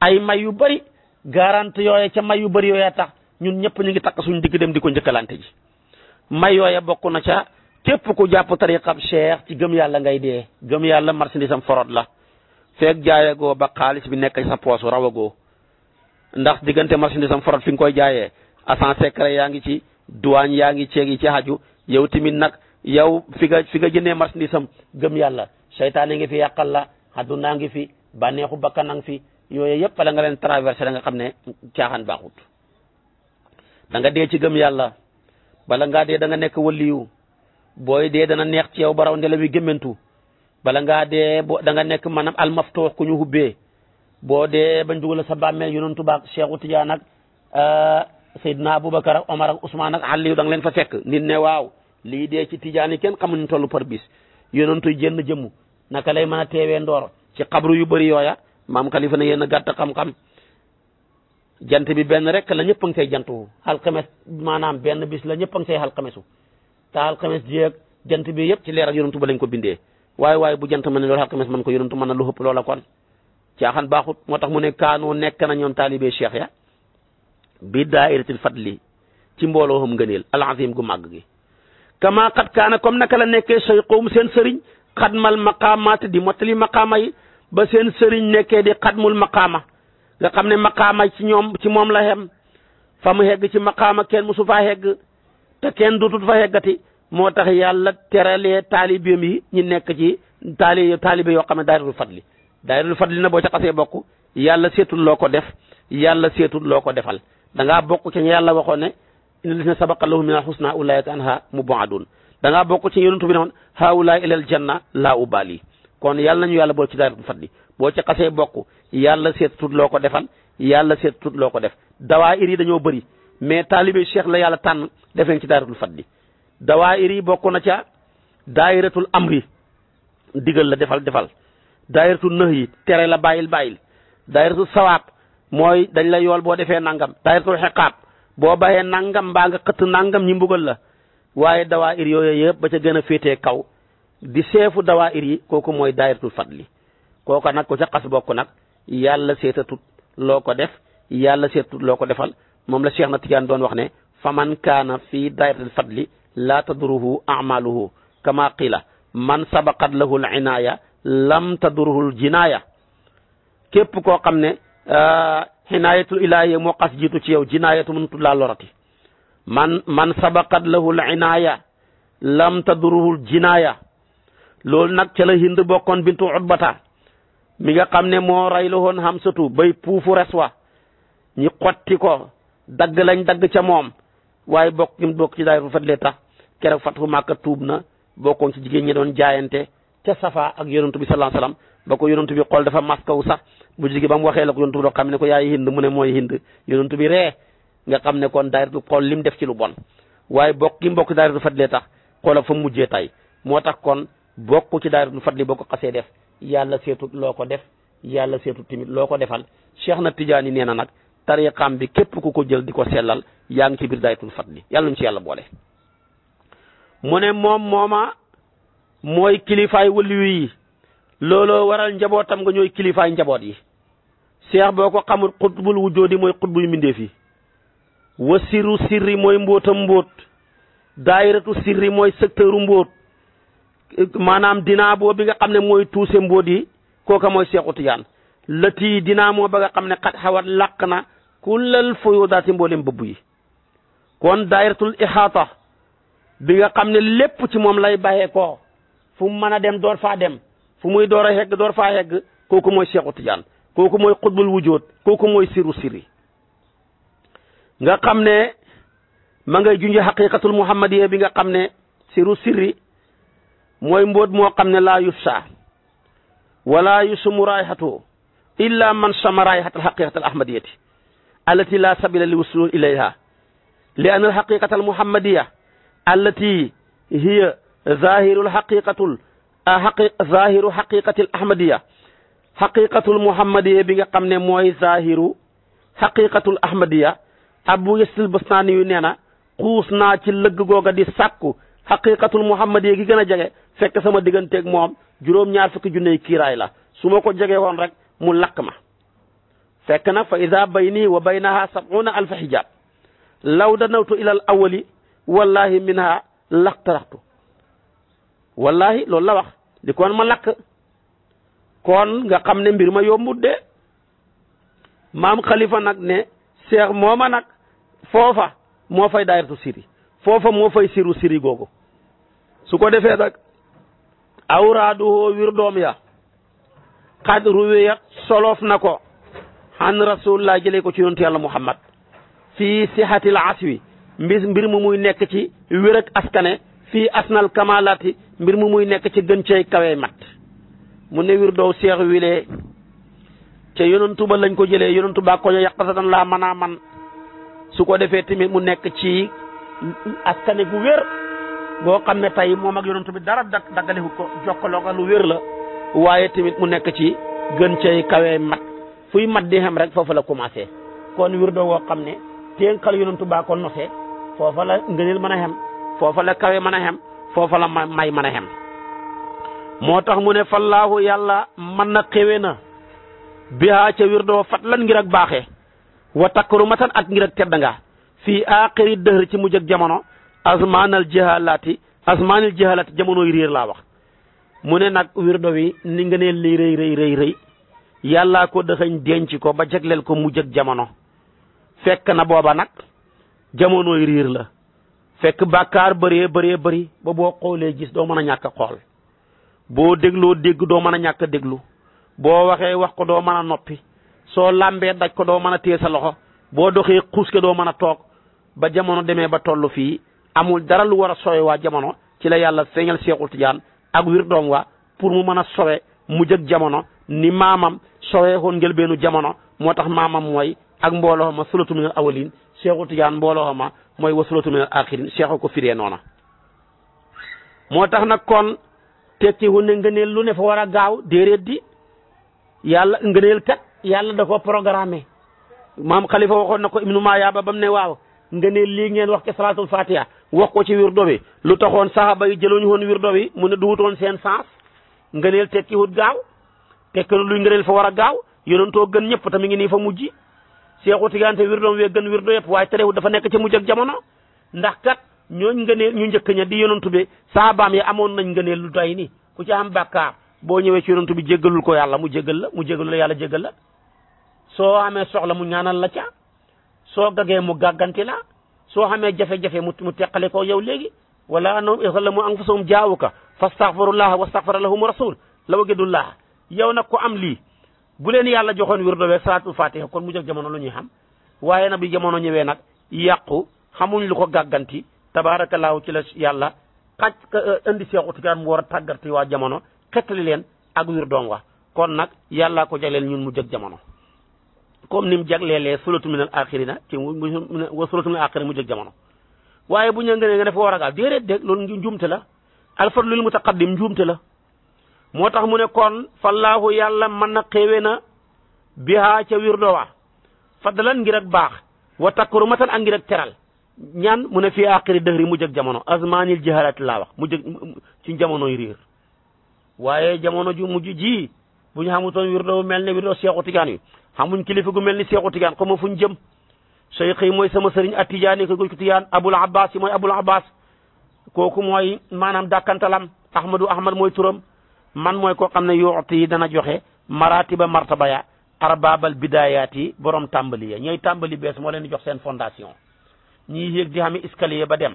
ay may yu bari garanti yooye ca may yu bari yooya tax ñun ñëpp ñu ngi takk suñu digg dem di ko njëkkalante ji may yooya bokk na ca képp ku jàpp tariqam cheikh ci gëm yàlla ngay dee gëm yàlla marchandise am forot la feeg jaayagoo ba xaalis bi nekk sa poosu rawagoo ndax diggante marchandise am forot fi nga koy jaayee agent secret yaa ngi ci douane yaa ngi ceeg ci xaju yow tamit nag yow fi nga fi nga jëndee marchandise gëm yàlla seytaane ngi fi yàqal la àdduna ngi fi bànneexu bakkan a ngi fi yooyu yëpp la nga leen traversé da nga xam ne caaxaan baaxut nga dee ci yàlla bala nga nekk waliyu boy de dana neex ci yow baraw raw gementu bala nga de bo da nga nekk maanaam almaftoox ku ñu hubbe bo de bañ dugal sa bàmmeel yonantu baak Cheikhu Tidiane ak euh, Seydina Aboubacar ak Omar ak usman ak ali da nga leen fa fekk nit ne waw li de ci Tidiane ken xamuñu tollu par bis tu jenn jëm naka lay mëna téwé ndor ci xabru yu bari yoya mam Khalifa ne yéen gatt xam-xam jant bi ben rek la ñepp ngi say jantu khamis manam ben bis la ñepp ngi say khamisu taal xames ak jant bi yépp ci leeral yonantu ba lañ ko bindee waaye waaye bu jant mën lool loolu man ko yonantu mën na lu hupp loola kon ci xan baxut motax mu ne kanu nek na talibé cheikh ya bi dairatul fadli ci mbolo hum ngeenel al azim gu mag gi kama qad kana comme naka la nekkee sayqoom sen serign xadmal maqamat di motali maqamay ba sen serign nekkee di xadmul maqama nga xam maqama ci ñom ci mom la hem famu ci maqama ken musufa te kenn dutut fa yeggati moo tax yàlla teralee taalibeem yi ñu nekk ci taali taalibe yoo xam ne daayratul fadli daayratul fadli na boo ca xasee bokk yàlla seetul loo ko def yàlla seetul loo ko defal da ngaa bokk ci yàlla waxoon ne inna lisina sabaqa lahum minal husna ulaika anha mubaadun da ngaa bokk ci yonentu bi ne woon haula ilal janna laa ubali kon yàlla nañu yàlla bool ci daayratul fadli boo ci xasee bokk yàlla seetul loo ko defal yàlla seetul loo ko def dawaa ir yi dañoo bëri mais taalibe cheikh la yàlla tànn def leen ci fat fadli dawaa yi bokk na ca daayiratul amri digal la defal defal daayiratul nëx yi tere la bàyyil bàyyil daayiratul sawaab mooy dañ la yool boo defee nangam daayiratul xeqaab boo bàyyee nangam mbaa nga xëtt nangam ñi mbugal la waaye dawaa dawaayir yooyu yëpp ba ca gën a féetee kaw di seefu dawaa yi kooku mooy fat fadli kooka nag ko ca xas bokk nag yàlla seetatut loo ko def yàlla seetatut loo ko defal moom la Cheikh na Tidiane doon wax ne faman kaana fi daairatil fadli laa taduruhu amaluhu kama qila man sabaqat lahu al inaaya lam taduruhu al jinaaya képp koo xam ne xinaayatul ah, ilaahiya moo xas jiitu ci yow jinaayatu mënutu laa lorati man man sabaqat lahu al inaaya lam taduruhu al jinaaya loolu nag ca la hind bokkoon bintu utbata mi nga xam ne moo raylu woon xamsatu bay puufu reswa ñi xotti ko dagg lañ dagg ca moom waaye bokk gi mu bokk ci daayira fadlee tax fat fatu Màkka tuub na bokkoon ci jigéen ñi doon jaayante ca Safa ak yonent bi sallallahu alayhi wasallam ba ko yonent bi xool dafa maskaw sax bu jigi ba mu waxee la ko yonent bi doo xam ne ko yaay hind mu ne mooy hind yonent bi ree nga xam ne kon daayira xool lim def ci lu bon waaye bokk gi mu bokk ci daayira fadlee tax xoolal fa mujjee tay moo tax kon bokk ci daayira fadli boo ko xasee def yàlla seetu loo ko def yàlla seetu tamit loo ko defal Cheikh na Tidiane nee na nag tariqaam bi képp ku ko jël di ko sellal yaa ngi ci biir daayatul fadli yàlla ñu ci yàlla boole mu ne moom mooma mooy kilifaay wëliyu yi looloo waral tam nga ñooy kilifaay njaboot yi seex boo ko xamul xutbul wujjoodi mooy xutbu yu mbindeef yi wasiru sirri mooy mbóotam mbóot daayiratu sirri mooy secteuru mbóot maanaam dinaa boo bi nga xam ne mooy tuuse mbóot yi kooka mooy seexu tijaan lëtii dinaa moo ba nga xam ne xat xawat làq na kullal fuyudaati mboolem bëbb yi kon daayiratul ixaata bi nga xam ne lépp ci moom lay bàyyee koo fu mu mën a dem door faa dem fu muy door a door faa hegg kooku mooy Seexu Tijaan kooku mooy xutbul wujoot kooku mooy siru siri nga xam ne ma ngay junj xaqiqatul muhammadiya bi nga xam ne siru sirri mooy mbóot moo xam ne laa yufsa wala yusumu raayxatu illa man sama raayxatal xaqiqatal ahmadiyati allati la sabila li wusul ilayha li anna alxaqiqata almuhammadiya allati hiya zahiru alxaqiqatul aqi zahiru xaqiqati ahmadiya xaqiqatul muhammadiya bi nga xam ne mooy zahiru xaqiqatul ahmadiya abu yasil basnaani yu nee na xuus naa ci lëgg googa di sàkku xaqiqatul muhammadiya gi gën a jege fekk sama digganteeg moom juróom-ñaar fukki junne yi la su ma ko jege woon rek mu lakk ma fekk na fa ida bayni wa baynaha sabuna alfa xijaab law danawtu ila al awali wallahi minha laqtaraxtu wallahi loolu la wax di koon ma lakk kon nga xam ne mbir ma yombut de maam xalifa nag ne seex mooma nag foofa moo fay daayiratu siri foofa moo fay siru siri googu su ko defee nag awraaduhoo wir doom ya xad ruwiyat soloof na ko an rasulillah jëlee ko ci yontu yàlla muhammad fii sihatil wi mbis mbir mu muy nekk ci wér ak askane fii asnal kamalaati mbir mu muy nekk ci gën cey kawee mat mu ne wir doow seex wilee ca yonantu ba lañ ko jëlee yonantu baa ko yaqasatan laa mën a man su ko defee tamit mu nekk ci askane gu wér boo xam ne tey moom ak yonantu bi dara dag daggaliku ko jokkaloo ko lu wér la waaye tamit mu nekk ci gën cey kawee mat fuy mat di xam rek foofu la commencé kon wirdo woo xam ne téenqal yonantu baa ko nosee foofa la ngëneel mën a xem foofa la mën a foofa la may mën a moo tax mu ne fallaahu yàlla man na xéwe na bihaa ca wirdo lan ngir ak baaxee wa takrumatan ak ngir ak teddanga fii aaxiri dëhër ci mujj ak jamono asmaanal jahalaati asmaanil jahalaati jamonooy réer laa wax mu ne nag wirdo wi ni ngëneel li rëy rëy rëy yàllaa ko dëxañ denc ko ba jegleel ko mu jëg jamono fekk na booba nag jamonooy riir la fekk bàkkaar bëree bëree bari ba boo xoolee gis doo mën a ñàkk a xool boo dégloo dégg doo mën a ñàkk a déglu boo waxee wax ko doo mën a noppi soo làmbee daj ko doo mën a téye sa loxo boo doxee xuus ko doo mën a toog ba jamono demee ba toll fii amul dara lu war a sowe waa jamono ci la yàlla feeñal Seexul Tijaan ak wir doom wa pour mu mën a sowe mu jëg jamono ni maamam sowee woon njëlbeenu jamono moo tax maamam mooy ak mbooloo ma sulatu minal awalin Seexu Tijaan mbooloo ma mooy wa sulatu minal seexu ko firee noona moo tax nag kon tekkiwu ne ngëneel lu ne fa war a gaaw déedéet di yàlla ngëneel kat yàlla da ko programmé maam xalifa waxoon na ko ibnu Maayaaba ba mu ne waaw ngëneel lii ngeen wax ci salaatul fatiha wax ko ci wirdo bi lu taxoon saxaaba yi jëlooñu woon wirdo bi mu ne duwutoon seen sens fekk lu luy ngëneel fa war a gaaw yonentoo gën ñëpp tamit ngi nii fa mujj seexu tigante wirdoom wee gën wirdo yëpp waaye terewul dafa nekk ca mujj ak jamono ndax kat ñooñ ngëneel ñu njëkk ña di yonentu bi saabaam yi amoon nañ ngëneel lu doy nii ku ci am bàkkaar boo ñëwee ci yonentu bi jéggalul ko yàlla mu jéggal la mu jéggalul yàlla jéggal la soo amee soxla mu ñaanal la ca soo gagee mu gàgganti la soo xamee jafe-jafe mu mu teqale ko yow léegi wala annahum izalamu anfusahum jaawuka fastaghfirullaha wastaghfara lahum rasul la wajadullah yow nak ko am li bu len yalla joxone wirdo be salaatul fatiha kon mu jox jamono lu ñuy xam waye nag bi jamono ñewé nak yaqku xamuñ lu ko gaganti tabarakallahu ci la yàlla xaj indi seexu tikaan mu war tagarti wa jamono xetali len ak wirdoom wa kon nak yalla ko jagleel ñun mu jox jamono comme nim jaglele jagleelee min al akhirina ci wa sulatu min al akhirina mu jox jamono waye bu ñu nga nga def waragal a de déedéet déeg loolu njuumte la alfadlul mutaqaddim njumte la moo tax mu ne kon fallaahu yàlla man na xéewe na bihaa ca wirdo wa fadalan ngir ak baax wa takrumatan ak ngir ak teral ñaan mu ne fii aaxiri dëhri mu jëg jamono azmanil jahalat laa wax mu jëg ci jamonoy riir waaye jamono ju mujj ji bu ñu xamutoon wirdo bu mel ne wirdo seexu tigaan yi xamuñ kilifa gu mel ni seexu tigaan xaw ma fu ñu jëm cheikh yi mooy sama sëriñ attijaani ko gu tiyaan abul abbas yi mooy abul abbas kooku mooy maanaam dàkkantalam ahmadu ahmad mooy turam man mooy koo xam ne yoxtu dana joxe maratiba martaba ya arbabal bidayat yi borom tàmbali ya ñooy tàmbali bees moo leen jox seen fondation ñi yéeg di xami escalier ba dem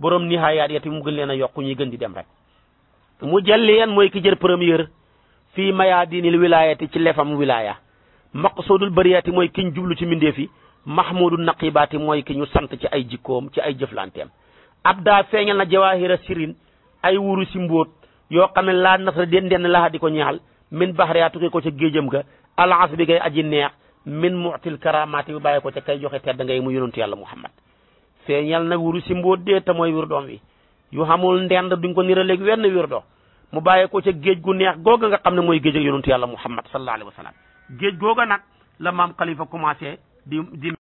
borom nihayat yati mu gën leen a yokku ñuy gën di dem rek mu jalliyan mooy ki jër premier fi mayadinil wilayati ci lefam wilaya maqsudul bariyati mooy kiñ jublu ci mindeef fi mahmudu naqibati mooy ki ñu sant ci ay jikkoom ci ay jëflanteem abda feeñal na jawahira sirin ay wuru si mbóot yoo xam ne laa nafra den den laa di ko ñaal min baxariya tukkee ko ca géejëm ga alans bi ngay aji neex min mutil karamaati bi bàyyi ko ca kay joxe tedd ngay mu yonantu yàlla muhammad feeñal na wuru si mboo dee te mooy wirdoom wi yu xamul ndend duñ ko niraleeg wenn wirdo mu bàyyi ko ca géej gu neex googa nga xam ne mooy géej ak yonantu yàlla muhammad sallallahu alayhi wa sallam géej googa nag la maam xalifa commencé di